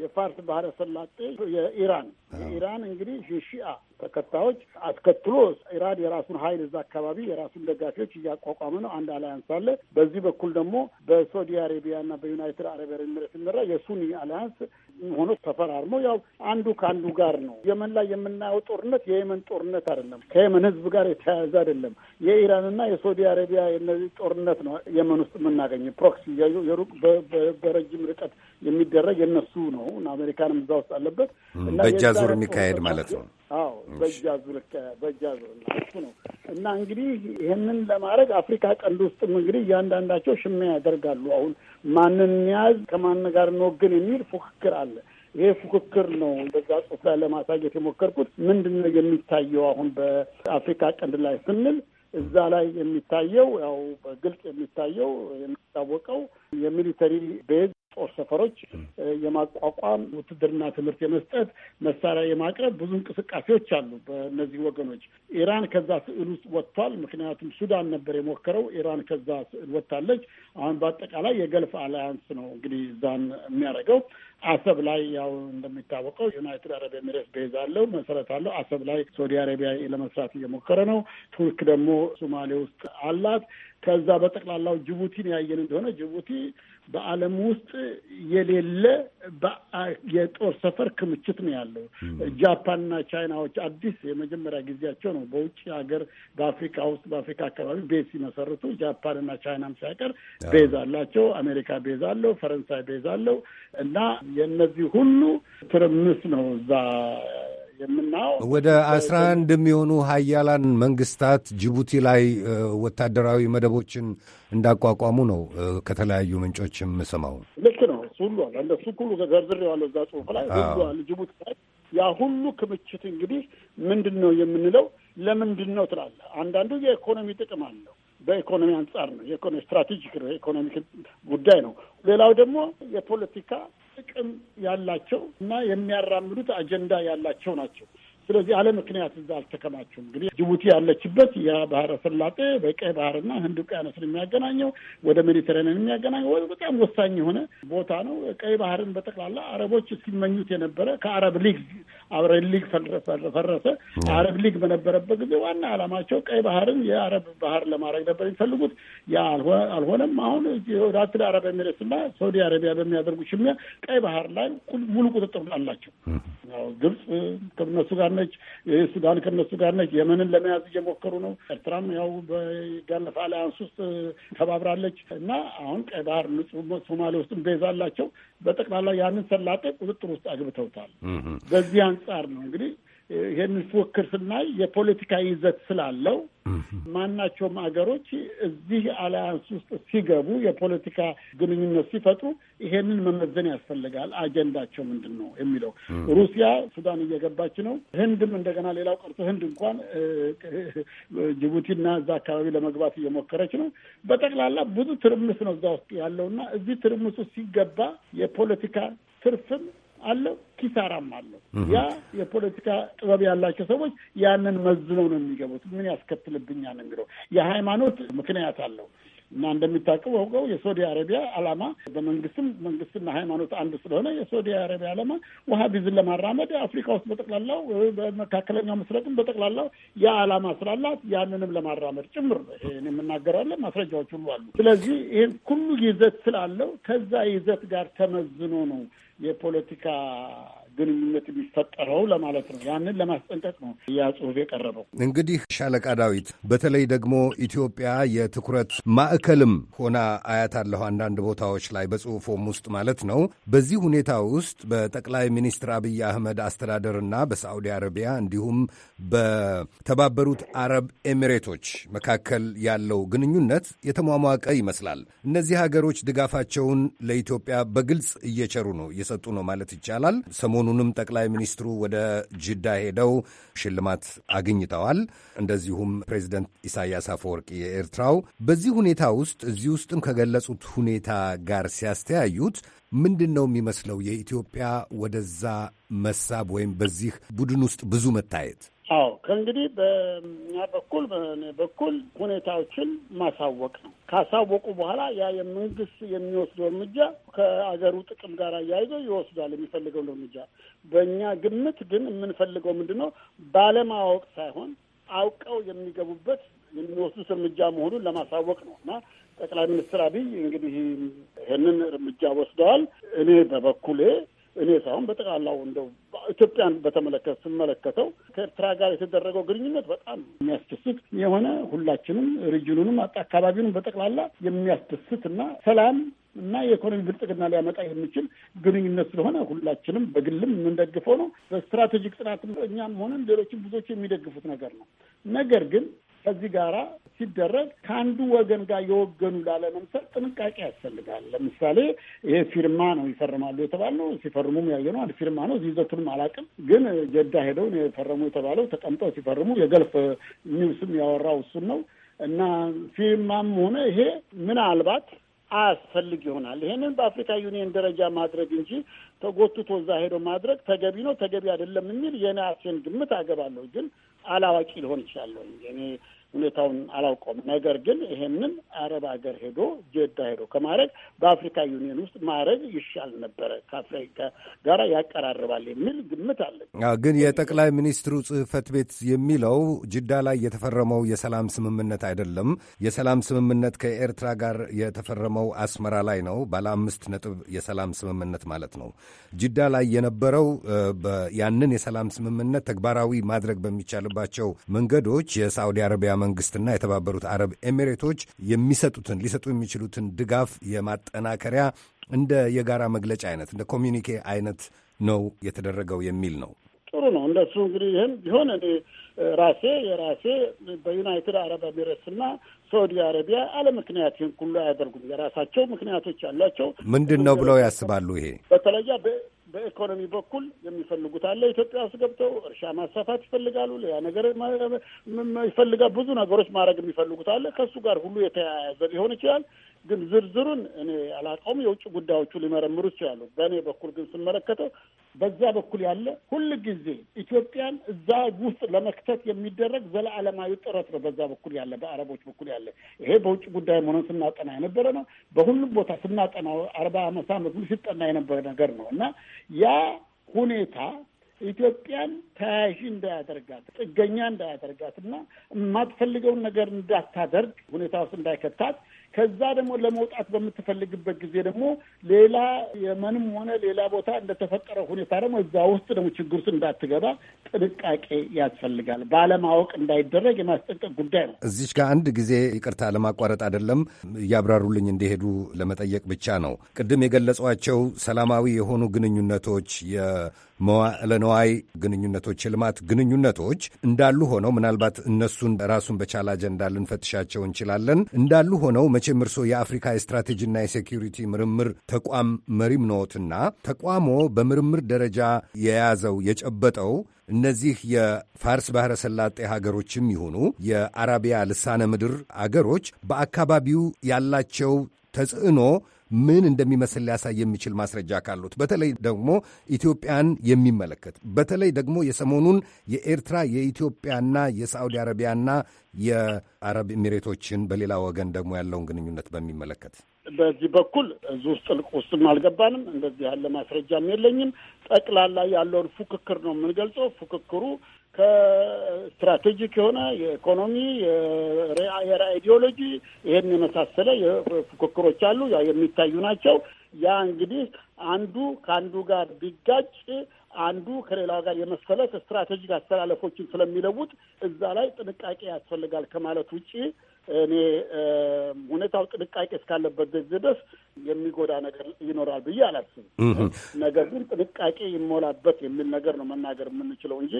የፋርስ ባህረ ሰላጤ የኢራን የኢራን እንግዲህ የሺአ ተከታዮች አስከትሎ ኢራን የራሱን ሀይል እዛ አካባቢ የራሱን ደጋፊዎች እያቋቋመ ነው። አንድ አሊያንስ አለ። በዚህ በኩል ደግሞ በሳዑዲ አረቢያና በዩናይትድ አረብ ኤምሬትስ ሲመራ የሱኒ አሊያንስ ሆኖ ተፈራርመው ያው አንዱ ከአንዱ ጋር ነው። የመን ላይ የምናየው ጦርነት የየመን ጦርነት አይደለም። ከየመን ህዝብ ጋር የተያያዘ አይደለም። የኢራንና የሳውዲ አረቢያ የነዚህ ጦርነት ነው የመን ውስጥ የምናገኝ ፕሮክሲ የሩቅ በረጅም ርቀት የሚደረግ የነሱ ነው አሜሪካንም እዛ ውስጥ አለበት እና በእጅ አዙር የሚካሄድ ማለት ነው። አዎ በእጅ አዙር በእጅ አዙር እሱ ነው እና እንግዲህ ይህንን ለማድረግ አፍሪካ ቀንድ ውስጥም እንግዲህ እያንዳንዳቸው ሽሚያ ያደርጋሉ አሁን ማንን ያዝ ከማን ጋር እንወግን የሚል ፉክክር አለ። ይሄ ፉክክር ነው በዛ ጽሁፍ ላይ ለማሳየት የሞከርኩት። ምንድን ነው የሚታየው አሁን በአፍሪካ ቀንድ ላይ ስንል እዛ ላይ የሚታየው ያው በግልጽ የሚታየው የሚታወቀው የሚሊተሪ ቤዝ ጦር ሰፈሮች የማቋቋም ውትድርና ትምህርት የመስጠት መሳሪያ የማቅረብ ብዙ እንቅስቃሴዎች አሉ በእነዚህ ወገኖች። ኢራን ከዛ ስዕል ውስጥ ወጥቷል። ምክንያቱም ሱዳን ነበር የሞከረው፣ ኢራን ከዛ ስዕል ወጥታለች። አሁን በአጠቃላይ የገልፍ አላያንስ ነው እንግዲህ እዛን የሚያደርገው። አሰብ ላይ ያው እንደሚታወቀው ዩናይትድ አረብ ኤሚሬት ቤዝ አለው መሰረት አለው። አሰብ ላይ ሳውዲ አረቢያ ለመስራት እየሞከረ ነው። ቱርክ ደግሞ ሶማሌ ውስጥ አላት። ከዛ በጠቅላላው ጅቡቲን ያየን እንደሆነ ጅቡቲ በዓለም ውስጥ የሌለ የጦር ሰፈር ክምችት ነው ያለው። ጃፓንና ቻይናዎች አዲስ የመጀመሪያ ጊዜያቸው ነው በውጭ ሀገር በአፍሪካ ውስጥ በአፍሪካ አካባቢ ቤዝ ሲመሰርቱ። ጃፓንና ቻይናም ሳይቀር ቤዝ አላቸው። አሜሪካ ቤዝ አለው። ፈረንሳይ ቤዝ አለው እና የእነዚህ ሁሉ ትርምስ ነው እዛ የምናየው ወደ አስራ አንድ የሚሆኑ ሀያላን መንግስታት ጅቡቲ ላይ ወታደራዊ መደቦችን እንዳቋቋሙ ነው ከተለያዩ ምንጮች የምሰማው። ልክ ነው። እሱ ሁሉ አለ እንደሱ ሁሉ ዘርዝሬዋለሁ እዛ ጽሁፍ ላይ ሁሉ አለ ጅቡቲ ላይ ያ ሁሉ ክምችት እንግዲህ ምንድን ነው የምንለው? ለምንድን ነው ትላለህ። አንዳንዱ የኢኮኖሚ ጥቅም አለው በኢኮኖሚ አንጻር ነው። የኢኮኖሚ ስትራቴጂክ ነው። የኢኮኖሚክ ጉዳይ ነው። ሌላው ደግሞ የፖለቲካ ጥቅም ያላቸው እና የሚያራምዱት አጀንዳ ያላቸው ናቸው። ስለዚህ አለ ምክንያት እዛ አልተከማችም። እንግዲህ ጅቡቲ ያለችበት ያ ባህረ ሰላጤ በቀይ ባህርና ህንድ ውቅያኖስን የሚያገናኘው ወደ ሜዲትሬንን የሚያገናኘው በጣም ወሳኝ የሆነ ቦታ ነው። ቀይ ባህርን በጠቅላላ አረቦች ሲመኙት የነበረ ከአረብ ሊግ አብረን ሊግ ፈረሰ። አረብ ሊግ በነበረበት ጊዜ ዋና ዓላማቸው ቀይ ባህርን የአረብ ባህር ለማድረግ ነበር የሚፈልጉት። ያ አልሆነም። አሁን ዩናይትድ አረብ ኤሚሬትስ እና ሳውዲ አረቢያ በሚያደርጉ ሽሚያ ቀይ ባህር ላይ ሙሉ ቁጥጥር አላቸው። ግብጽ ከነሱ ጋር ነች፣ ሱዳን ከነሱ ጋር ነች። የመንን ለመያዝ እየሞከሩ ነው። ኤርትራም ያው በጋለፈ አሊያንስ ውስጥ ተባብራለች እና አሁን ቀይ ባህር ንጹህ ሶማሌ ውስጥም ቤዝ አላቸው። በጠቅላላ ያንን ሰላጤ ቁጥጥር ውስጥ አግብተውታል። በዚህ አንጻር ነው እንግዲህ ይህንን ፉክክር ስናይ የፖለቲካ ይዘት ስላለው ማናቸውም አገሮች እዚህ አላያንስ ውስጥ ሲገቡ የፖለቲካ ግንኙነት ሲፈጥሩ ይሄንን መመዘን ያስፈልጋል። አጀንዳቸው ምንድን ነው የሚለው ሩሲያ ሱዳን እየገባች ነው። ህንድም እንደገና ሌላው ቀርቶ ህንድ እንኳን ጅቡቲና እዛ አካባቢ ለመግባት እየሞከረች ነው። በጠቅላላ ብዙ ትርምስ ነው እዛ ውስጥ ያለውና እዚህ ትርምሱ ሲገባ የፖለቲካ ትርፍም አለው፣ ኪሳራም አለው። ያ የፖለቲካ ጥበብ ያላቸው ሰዎች ያንን መዝነው ነው የሚገቡት። ምን ያስከትልብኛል የሚለው የሃይማኖት ምክንያት አለው። እና እንደሚታወቀው የሳውዲ አረቢያ አላማ በመንግስትም መንግስትና ሃይማኖት አንድ ስለሆነ የሳውዲ አረቢያ አላማ ውሃቢዝን ለማራመድ አፍሪካ ውስጥ በጠቅላላው በመካከለኛው ምስራቅም በጠቅላላው ያ አላማ ስላላት ያንንም ለማራመድ ጭምር ነው የምናገረዋለን። ማስረጃዎች ሁሉ አሉ። ስለዚህ ይህን ሁሉ ይዘት ስላለው ከዛ ይዘት ጋር ተመዝኖ ነው የፖለቲካ ግንኙነት የሚፈጠረው ለማለት ነው። ያንን ለማስጠንቀቅ ነው ያ ጽሁፍ የቀረበው። እንግዲህ ሻለቃ ዳዊት፣ በተለይ ደግሞ ኢትዮጵያ የትኩረት ማዕከልም ሆና አያታለሁ አንዳንድ ቦታዎች ላይ በጽሁፎም ውስጥ ማለት ነው። በዚህ ሁኔታ ውስጥ በጠቅላይ ሚኒስትር አብይ አህመድ አስተዳደርና በሳዑዲ አረቢያ እንዲሁም በተባበሩት አረብ ኤሚሬቶች መካከል ያለው ግንኙነት የተሟሟቀ ይመስላል። እነዚህ ሀገሮች ድጋፋቸውን ለኢትዮጵያ በግልጽ እየቸሩ ነው እየሰጡ ነው ማለት ይቻላል። ሰሞኑ ሰሞኑንም ጠቅላይ ሚኒስትሩ ወደ ጅዳ ሄደው ሽልማት አግኝተዋል። እንደዚሁም ፕሬዚደንት ኢሳያስ አፈወርቂ የኤርትራው በዚህ ሁኔታ ውስጥ እዚህ ውስጥም ከገለጹት ሁኔታ ጋር ሲያስተያዩት ምንድን ነው የሚመስለው የኢትዮጵያ ወደዛ መሳብ ወይም በዚህ ቡድን ውስጥ ብዙ መታየት አዎ ከእንግዲህ በእኛ በኩል በኩል ሁኔታዎችን ማሳወቅ ነው። ካሳወቁ በኋላ ያ የመንግስት የሚወስደው እርምጃ ከአገሩ ጥቅም ጋር አያይዞ ይወስዳል የሚፈልገውን እርምጃ። በእኛ ግምት ግን የምንፈልገው ምንድን ነው? ባለማወቅ ሳይሆን አውቀው የሚገቡበት የሚወስዱት እርምጃ መሆኑን ለማሳወቅ ነው እና ጠቅላይ ሚኒስትር አብይ እንግዲህ ይህንን እርምጃ ወስደዋል። እኔ በበኩሌ እኔ ሳይሆን በጠቅላላው እንደው ኢትዮጵያን በተመለከተ ስመለከተው ከኤርትራ ጋር የተደረገው ግንኙነት በጣም የሚያስደስት የሆነ ሁላችንም ሪጅኑንም አካባቢውንም በጠቅላላ የሚያስደስት እና ሰላም እና የኢኮኖሚ ብልጽግና ሊያመጣ የሚችል ግንኙነት ስለሆነ ሁላችንም በግልም የምንደግፈው ነው። በስትራቴጂክ ጥናት እኛም ሆነን ሌሎችም ብዙዎች የሚደግፉት ነገር ነው። ነገር ግን ከዚህ ጋር ሲደረግ ከአንዱ ወገን ጋር የወገኑ ላለመምሰል ጥንቃቄ ያስፈልጋል። ለምሳሌ ይሄ ፊርማ ነው ይፈርማሉ የተባለው ሲፈርሙም ያየነው አንድ ፊርማ ነው። ይዘቱንም አላውቅም፣ ግን ጀዳ ሄደው የፈረሙ የተባለው ተቀምጠው ሲፈርሙ የገልፍ ኒውስም ያወራው እሱን ነው እና ፊርማም ሆነ ይሄ ምናልባት አያስፈልግ ይሆናል። ይሄንን በአፍሪካ ዩኒየን ደረጃ ማድረግ እንጂ ተጎትቶ እዛ ሄዶ ማድረግ ተገቢ ነው ተገቢ አይደለም የሚል የኔ ግምት አገባለሁ ግን አላዋቂ ሊሆን ይችላለሁ። እኔ ሁኔታውን አላውቀውም። ነገር ግን ይሄንን አረብ ሀገር ሄዶ ጀዳ ሄዶ ከማድረግ በአፍሪካ ዩኒየን ውስጥ ማድረግ ይሻል ነበረ፣ ከአፍሪካ ጋር ያቀራርባል የሚል ግምት አለ። ግን የጠቅላይ ሚኒስትሩ ጽህፈት ቤት የሚለው ጅዳ ላይ የተፈረመው የሰላም ስምምነት አይደለም። የሰላም ስምምነት ከኤርትራ ጋር የተፈረመው አስመራ ላይ ነው። ባለ አምስት ነጥብ የሰላም ስምምነት ማለት ነው። ጅዳ ላይ የነበረው ያንን የሰላም ስምምነት ተግባራዊ ማድረግ በሚቻልባቸው መንገዶች የሳዑዲ አረቢያ መንግስትና የተባበሩት አረብ ኤሚሬቶች የሚሰጡትን ሊሰጡ የሚችሉትን ድጋፍ የማጠናከሪያ እንደ የጋራ መግለጫ አይነት እንደ ኮሚኒኬ አይነት ነው የተደረገው የሚል ነው። ጥሩ ነው። እንደሱ እንግዲህ ይህም ቢሆን እኔ ራሴ የራሴ በዩናይትድ አረብ ኤሚሬትስና ሳዑዲ አረቢያ አለ ምክንያት ይህን ሁሉ አያደርጉም። የራሳቸው ምክንያቶች ያላቸው ምንድን ነው ብለው ያስባሉ? ይሄ በተለያ በኢኮኖሚ በኩል የሚፈልጉት አለ። ኢትዮጵያ ውስጥ ገብተው እርሻ ማስፋፋት ይፈልጋሉ። ሌላ ነገር ይፈልጋል። ብዙ ነገሮች ማድረግ የሚፈልጉት አለ። ከእሱ ጋር ሁሉ የተያያዘ ሊሆን ይችላል። ግን ዝርዝሩን እኔ አላውቀውም። የውጭ ጉዳዮቹ ሊመረምሩ ይችላሉ። በእኔ በኩል ግን ስመለከተው በዛ በኩል ያለ ሁል ጊዜ ኢትዮጵያን እዛ ውስጥ ለመክተት የሚደረግ ዘለዓለማዊ ጥረት ነው። በዛ በኩል ያለ በአረቦች በኩል ያለ ይሄ በውጭ ጉዳይ መሆኑን ስናጠና የነበረ ነው። በሁሉም ቦታ ስናጠናው አርባ አመት ዓመት ሲጠና የነበረ ነገር ነው እና ያ ሁኔታ ኢትዮጵያን ተያያዥ እንዳያደርጋት ጥገኛ እንዳያደርጋት እና የማትፈልገውን ነገር እንዳታደርግ ሁኔታ ውስጥ እንዳይከታት ከዛ ደግሞ ለመውጣት በምትፈልግበት ጊዜ ደግሞ ሌላ የመንም ሆነ ሌላ ቦታ እንደተፈጠረ ሁኔታ ደግሞ እዛ ውስጥ ደግሞ ችግር ውስጥ እንዳትገባ ጥንቃቄ ያስፈልጋል። ባለማወቅ እንዳይደረግ የማስጠንቀቅ ጉዳይ ነው። እዚች ጋር አንድ ጊዜ ይቅርታ ለማቋረጥ አይደለም እያብራሩልኝ እንዲሄዱ ለመጠየቅ ብቻ ነው። ቅድም የገለጿቸው ሰላማዊ የሆኑ ግንኙነቶች መዋዕለ ነዋይ ግንኙነቶች፣ የልማት ግንኙነቶች እንዳሉ ሆነው ምናልባት እነሱን ራሱን በቻለ አጀንዳ ልንፈትሻቸው እንችላለን። እንዳሉ ሆነው መቼም እርሶ የአፍሪካ የስትራቴጂና የሴኪሪቲ ምርምር ተቋም መሪም ኖትና ተቋሞ በምርምር ደረጃ የያዘው የጨበጠው እነዚህ የፋርስ ባሕረ ሰላጤ ሀገሮችም ይሁኑ የአራቢያ ልሳነ ምድር አገሮች በአካባቢው ያላቸው ተጽዕኖ ምን እንደሚመስል ሊያሳይ የሚችል ማስረጃ ካሉት በተለይ ደግሞ ኢትዮጵያን የሚመለከት በተለይ ደግሞ የሰሞኑን የኤርትራ የኢትዮጵያና የሳዑዲ አረቢያና የአረብ ኤሚሬቶችን በሌላ ወገን ደግሞ ያለውን ግንኙነት በሚመለከት በዚህ በኩል እዚህ ውስጥ ጥልቅ ውስጥም አልገባንም። እንደዚህ ያለ ማስረጃም የለኝም። ጠቅላላ ያለውን ፉክክር ነው የምንገልጸው። ፉክክሩ ከስትራቴጂክ የሆነ የኢኮኖሚ የራ አይዲዮሎጂ ይህን የመሳሰለ ፉክክሮች አሉ፣ ያ የሚታዩ ናቸው። ያ እንግዲህ አንዱ ከአንዱ ጋር ቢጋጭ አንዱ ከሌላው ጋር የመሰለ ስትራቴጂክ አስተላለፎችን ስለሚለውጥ እዛ ላይ ጥንቃቄ ያስፈልጋል ከማለት ውጪ እኔ ሁኔታው ጥንቃቄ እስካለበት ድረስ የሚጎዳ ነገር ይኖራል ብዬ አላስብም። ነገር ግን ጥንቃቄ ይሞላበት የሚል ነገር ነው መናገር የምንችለው እንጂ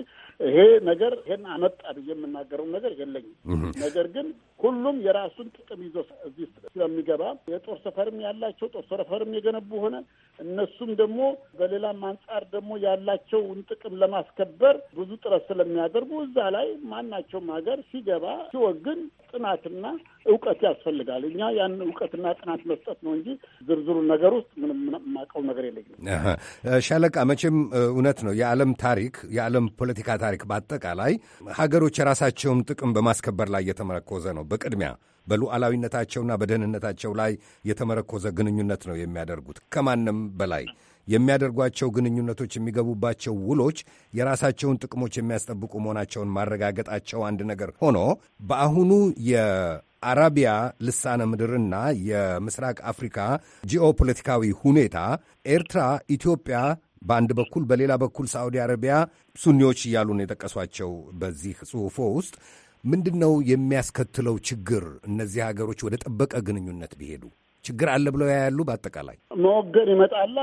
ይሄ ነገር ይሄን አመጣ ብዬ የምናገረው ነገር የለኝም። ነገር ግን ሁሉም የራሱን ጥቅም ይዞ እዚህ ስለሚገባ የጦር ሰፈርም ያላቸው ጦር ሰፈርም የገነቡ ሆነ እነሱም ደግሞ በሌላም አንጻር ደግሞ ያላቸውን ጥቅም ለማስከበር ብዙ ጥረት ስለሚያደርጉ እዛ ላይ ማናቸውም ሀገር ሲገባ ሲወግን ጥናት ጥናትና እውቀት ያስፈልጋል። እኛ ያን እውቀትና ጥናት መስጠት ነው እንጂ ዝርዝሩ ነገር ውስጥ ምንም የማውቀው ነገር የለኝም። ሻለቃ፣ መቼም እውነት ነው የዓለም ታሪክ የዓለም ፖለቲካ ታሪክ በአጠቃላይ ሀገሮች የራሳቸውን ጥቅም በማስከበር ላይ እየተመረኮዘ ነው። በቅድሚያ በሉዓላዊነታቸውና በደህንነታቸው ላይ የተመረኮዘ ግንኙነት ነው የሚያደርጉት ከማንም በላይ የሚያደርጓቸው ግንኙነቶች፣ የሚገቡባቸው ውሎች የራሳቸውን ጥቅሞች የሚያስጠብቁ መሆናቸውን ማረጋገጣቸው አንድ ነገር ሆኖ በአሁኑ የአረቢያ ልሳነ ምድርና የምስራቅ አፍሪካ ጂኦፖለቲካዊ ሁኔታ ኤርትራ፣ ኢትዮጵያ በአንድ በኩል በሌላ በኩል ሳዑዲ አረቢያ ሱኒዎች እያሉ ነው የጠቀሷቸው በዚህ ጽሑፎ ውስጥ ምንድን ነው የሚያስከትለው ችግር? እነዚህ ሀገሮች ወደ ጠበቀ ግንኙነት ቢሄዱ ችግር አለ ብለው ያያሉ። በአጠቃላይ መወገን ይመጣላ።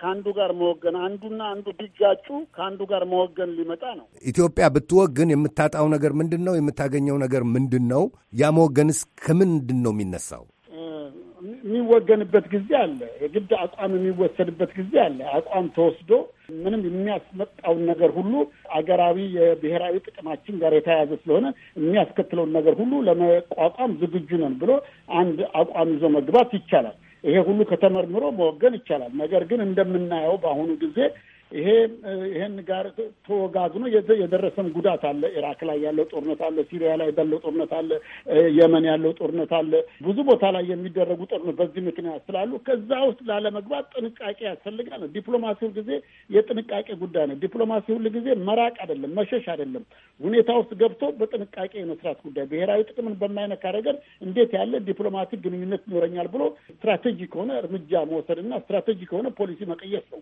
ከአንዱ ጋር መወገን አንዱና አንዱ ቢጋጩ ከአንዱ ጋር መወገን ሊመጣ ነው። ኢትዮጵያ ብትወግን የምታጣው ነገር ምንድን ነው? የምታገኘው ነገር ምንድን ነው? ያ መወገንስ ከምንድን ነው የሚነሳው? የሚወገንበት ጊዜ አለ። የግድ አቋም የሚወሰድበት ጊዜ አለ። አቋም ተወስዶ ምንም የሚያስመጣውን ነገር ሁሉ አገራዊ የብሔራዊ ጥቅማችን ጋር የተያያዘ ስለሆነ የሚያስከትለውን ነገር ሁሉ ለመቋቋም ዝግጁ ነን ብሎ አንድ አቋም ይዞ መግባት ይቻላል። ይሄ ሁሉ ከተመርምሮ መወገን ይቻላል። ነገር ግን እንደምናየው በአሁኑ ጊዜ ይሄ ይሄን ጋር ተወጋግኖ የደረሰም ጉዳት አለ። ኢራክ ላይ ያለው ጦርነት አለ፣ ሲሪያ ላይ ያለው ጦርነት አለ፣ የመን ያለው ጦርነት አለ። ብዙ ቦታ ላይ የሚደረጉ ጦርነት በዚህ ምክንያት ስላሉ ከዛ ውስጥ ላለመግባት ጥንቃቄ ያስፈልጋል። ዲፕሎማሲ ሁልጊዜ የጥንቃቄ ጉዳይ ነው። ዲፕሎማሲ ሁልጊዜ መራቅ አይደለም፣ መሸሽ አይደለም። ሁኔታ ውስጥ ገብቶ በጥንቃቄ የመስራት ጉዳይ፣ ብሔራዊ ጥቅምን በማይነካ ነገር እንዴት ያለ ዲፕሎማቲክ ግንኙነት ይኖረኛል ብሎ ስትራቴጂ ከሆነ እርምጃ መውሰድ እና ስትራቴጂ ከሆነ ፖሊሲ መቀየስ ነው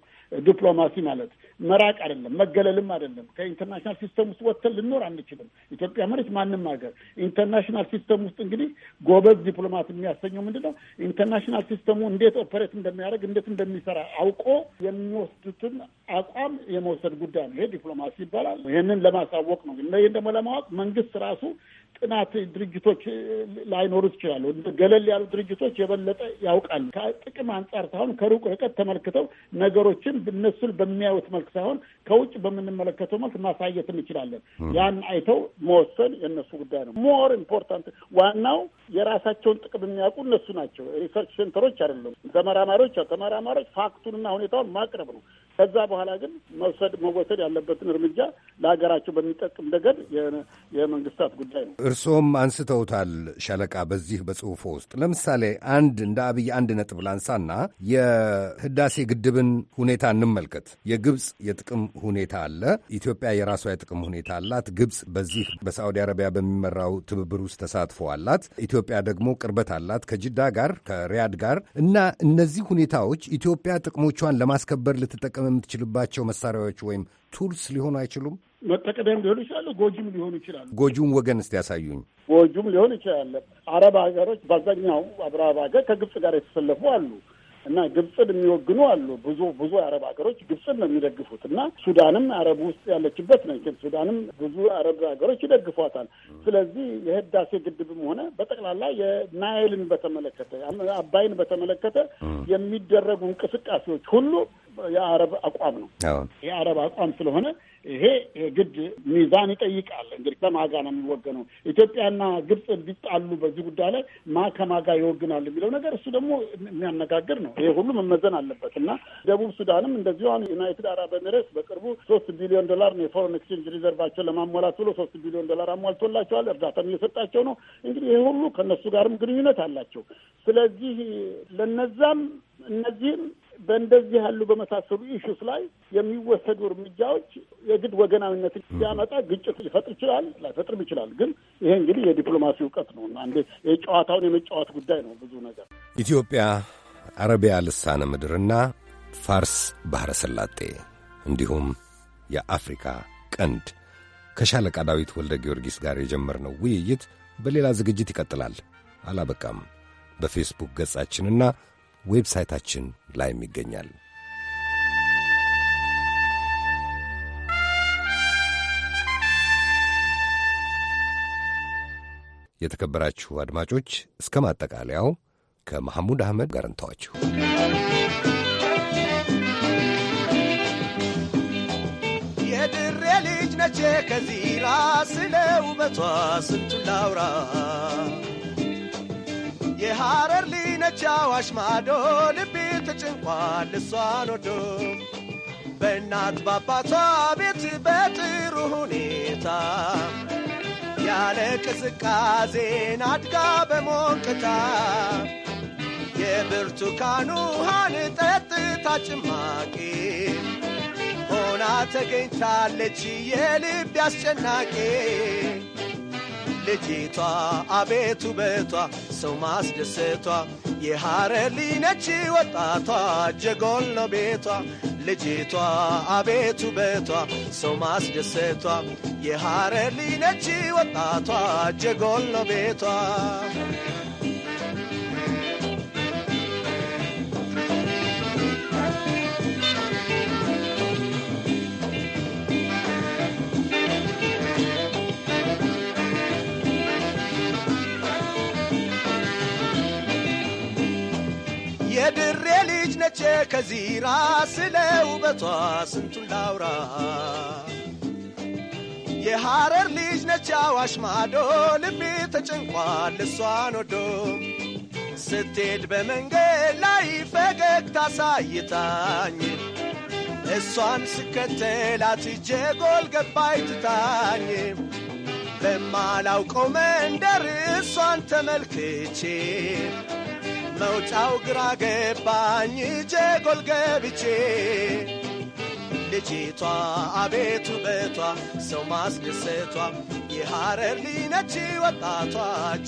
ዲፕሎማሲ ማለት ማለት መራቅ አይደለም፣ መገለልም አይደለም። ከኢንተርናሽናል ሲስተም ውስጥ ወጥተን ልኖር አንችልም። ኢትዮጵያ ማለት ማንም ሀገር ኢንተርናሽናል ሲስተም ውስጥ እንግዲህ ጎበዝ ዲፕሎማት የሚያሰኘው ምንድን ነው? ኢንተርናሽናል ሲስተሙ እንዴት ኦፐሬት እንደሚያደርግ እንዴት እንደሚሰራ አውቆ የሚወስዱትን አቋም የመውሰድ ጉዳይ ነው። ይሄ ዲፕሎማሲ ይባላል። ይህንን ለማሳወቅ ነው። ይህን ደግሞ ለማወቅ መንግስት ራሱ ጥናት ድርጅቶች ላይኖሩ ይችላሉ። ገለል ያሉ ድርጅቶች የበለጠ ያውቃሉ። ከጥቅም አንጻር ሳይሆን ከሩቅ ርቀት ተመልክተው ነገሮችን እነሱን በሚያዩት መልክ ሳይሆን ከውጭ በምንመለከተው መልክ ማሳየት እንችላለን። ያን አይተው መወሰን የእነሱ ጉዳይ ነው። ሞር ኢምፖርታንት ዋናው የራሳቸውን ጥቅም የሚያውቁ እነሱ ናቸው። ሪሰርች ሴንተሮች አይደሉም። ተመራማሪዎች ተመራማሪዎች ፋክቱንና ሁኔታውን ማቅረብ ነው። ከዛ በኋላ ግን መውሰድ መወሰድ ያለበትን እርምጃ ለሀገራቸው በሚጠቅም ደገድ የመንግስታት ጉዳይ ነው። እርስዎም አንስተውታል ሻለቃ በዚህ በጽሁፎ ውስጥ ለምሳሌ አንድ እንደ አብይ አንድ ነጥብ ላንሳና የህዳሴ ግድብን ሁኔታ እንመልከት። የግብፅ የጥቅም ሁኔታ አለ። ኢትዮጵያ የራሷ የጥቅም ሁኔታ አላት። ግብፅ በዚህ በሳዑዲ አረቢያ በሚመራው ትብብር ውስጥ ተሳትፎ አላት። ኢትዮጵያ ደግሞ ቅርበት አላት ከጅዳ ጋር ከሪያድ ጋር እና እነዚህ ሁኔታዎች ኢትዮጵያ ጥቅሞቿን ለማስከበር ልትጠቀም የምትችልባቸው መሳሪያዎች ወይም ቱልስ ሊሆኑ አይችሉም? መጠቀሚያም ሊሆኑ ይችላሉ፣ ጎጂም ሊሆኑ ይችላሉ። ጎጂውን ወገን እስቲ ያሳዩኝ። ጎጂም ሊሆን ይችላል። አረብ ሀገሮች በአብዛኛው አረብ ሀገር ከግብፅ ጋር የተሰለፉ አሉ እና ግብፅን የሚወግኑ አሉ። ብዙ ብዙ የአረብ ሀገሮች ግብፅን ነው የሚደግፉት እና ሱዳንም አረብ ውስጥ ያለችበት ነች። ሱዳንም ብዙ አረብ ሀገሮች ይደግፏታል። ስለዚህ የህዳሴ ግድብም ሆነ በጠቅላላ የናይልን በተመለከተ አባይን በተመለከተ የሚደረጉ እንቅስቃሴዎች ሁሉ የአረብ አቋም ነው። የአረብ አቋም ስለሆነ ይሄ ግድ ሚዛን ይጠይቃል። እንግዲህ ከማጋ ነው የሚወገነው። ኢትዮጵያና ግብፅ ቢጣሉ በዚህ ጉዳይ ላይ ማ ከማጋ ይወግናል የሚለው ነገር እሱ ደግሞ የሚያነጋግር ነው። ይሄ ሁሉ መመዘን አለበት እና ደቡብ ሱዳንም እንደዚሁ አሁን ዩናይትድ አረብ ኤሚሬትስ በቅርቡ ሶስት ቢሊዮን ዶላር ነው የፎረን ኤክስቼንጅ ሪዘርቫቸው ለማሟላት ብሎ ሶስት ቢሊዮን ዶላር አሟልቶላቸዋል። እርዳታም እየሰጣቸው ነው። እንግዲህ ይሄ ሁሉ ከእነሱ ጋርም ግንኙነት አላቸው። ስለዚህ ለነዛም እነዚህም በእንደዚህ ያሉ በመሳሰሉ ኢሹስ ላይ የሚወሰዱ እርምጃዎች የግድ ወገናዊነት ሲያመጣ ግጭት ሊፈጥር ይችላል፣ ላይፈጥርም ይችላል። ግን ይሄ እንግዲህ የዲፕሎማሲ እውቀት ነው እና እንዴ የጨዋታውን የመጫወት ጉዳይ ነው። ብዙ ነገር ኢትዮጵያ፣ አረቢያ ልሳነ ምድርና ፋርስ ባሕረ ሰላጤ እንዲሁም የአፍሪካ ቀንድ ከሻለቃ ዳዊት ወልደ ጊዮርጊስ ጋር የጀመርነው ውይይት በሌላ ዝግጅት ይቀጥላል። አላበቃም። በፌስቡክ ገጻችንና ዌብሳይታችን ላይም ይገኛል። የተከበራችሁ አድማጮች እስከ ማጠቃለያው ከመሐሙድ አህመድ ጋር እንተዋችሁ። የድሬ ልጅ ነቼ ከዚራ ስለ ውበቷ ስንቱን ላውራ የሐረ ነች አዋሽ ማዶ ልቤ ተጨንቋል እሷን ወዶ በእናት ባባቷ ቤት በጥሩ ሁኔታ ያለ ቅዝቃዜን አድጋ በሞቅታ የብርቱካኑ ውሃን ጠጥታ ጭማቂ ሆና ተገኝታለች የልብ አስጨናቂ ልጅቷ አቤቱ በቷ ሰው ማስደሰቷ የሐረሪ ነች ወጣቷ ጀጎል ነው ቤቷ ልጅቷ አቤቱ በቷ ሰው ማስደሰቷ የሐረሪ ነች ወጣቷ ጀጎል ነው ቤቷ የድሬ ልጅ ነቼ ከዚራ ስለ ውበቷ ስንቱን ላውራ የሐረር ልጅ ነች አዋሽ ማዶ ልቤ ተጨንቋል እሷን ወዶ ስትሄድ በመንገድ ላይ ፈገግታ ሳይታኝ እሷን ስከተላት እጄ ጎል ገባይ ትታኝ በማላውቀው መንደር እሷን ተመልክቼ መውጫው ግራ ገባኝ። እጄ ጎልገብቼ ልጅቷ አቤቱ በቷ ሰው ማስደሰቷ የሐረር ሊነች ወጣቷ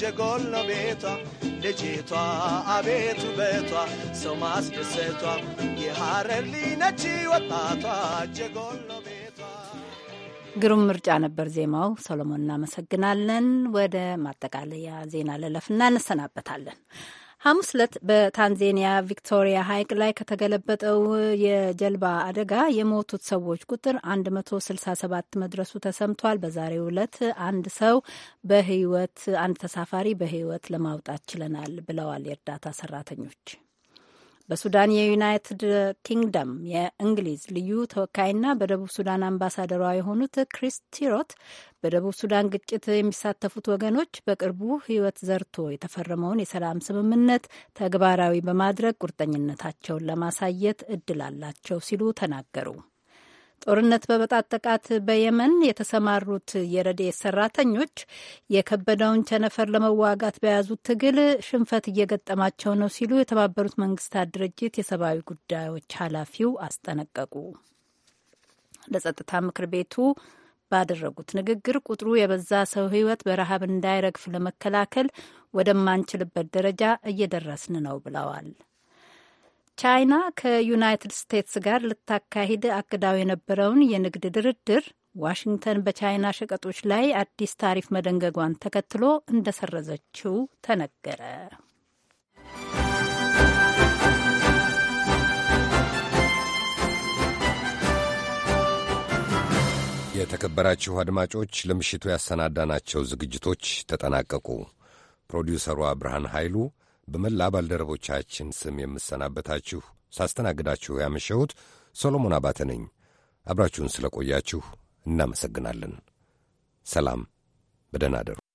ጀጎል ነው ቤቷ ልጅቷ አቤቱ በቷ ሰው ማስደሰቷ የሐረር ሊነች ወጣቷ ጀጎል ነው ቤቷ። ግሩም ምርጫ ነበር ዜማው። ሰሎሞን እናመሰግናለን። ወደ ማጠቃለያ ዜና ለለፍና እንሰናበታለን። ሐሙስ ዕለት በታንዜኒያ ቪክቶሪያ ሐይቅ ላይ ከተገለበጠው የጀልባ አደጋ የሞቱት ሰዎች ቁጥር 167 መድረሱ ተሰምቷል። በዛሬው ዕለት አንድ ሰው በህይወት አንድ ተሳፋሪ በህይወት ለማውጣት ችለናል ብለዋል የእርዳታ ሰራተኞች። በሱዳን የዩናይትድ ኪንግደም የእንግሊዝ ልዩ ተወካይና በደቡብ ሱዳን አምባሳደሯ የሆኑት ክሪስ ቲሮት በደቡብ ሱዳን ግጭት የሚሳተፉት ወገኖች በቅርቡ ሕይወት ዘርቶ የተፈረመውን የሰላም ስምምነት ተግባራዊ በማድረግ ቁርጠኝነታቸውን ለማሳየት እድል አላቸው ሲሉ ተናገሩ። ጦርነት በበጣጠቃት በየመን የተሰማሩት የረድኤት ሰራተኞች የከበደውን ቸነፈር ለመዋጋት በያዙት ትግል ሽንፈት እየገጠማቸው ነው ሲሉ የተባበሩት መንግስታት ድርጅት የሰብአዊ ጉዳዮች ኃላፊው አስጠነቀቁ። ለጸጥታ ምክር ቤቱ ባደረጉት ንግግር ቁጥሩ የበዛ ሰው ሕይወት በረሃብ እንዳይረግፍ ለመከላከል ወደማንችልበት ደረጃ እየደረስን ነው ብለዋል። ቻይና ከዩናይትድ ስቴትስ ጋር ልታካሂድ አቅዳው የነበረውን የንግድ ድርድር ዋሽንግተን በቻይና ሸቀጦች ላይ አዲስ ታሪፍ መደንገጓን ተከትሎ እንደሰረዘችው ተነገረ። የተከበራችሁ አድማጮች ለምሽቱ ያሰናዳናቸው ዝግጅቶች ተጠናቀቁ። ፕሮዲውሰሯ ብርሃን ኃይሉ በመላ ባልደረቦቻችን ስም የምሰናበታችሁ ሳስተናግዳችሁ ያመሸሁት ሶሎሞን አባተ ነኝ። አብራችሁን ስለ ቆያችሁ እናመሰግናለን። ሰላም፣ በደህና አደሩ።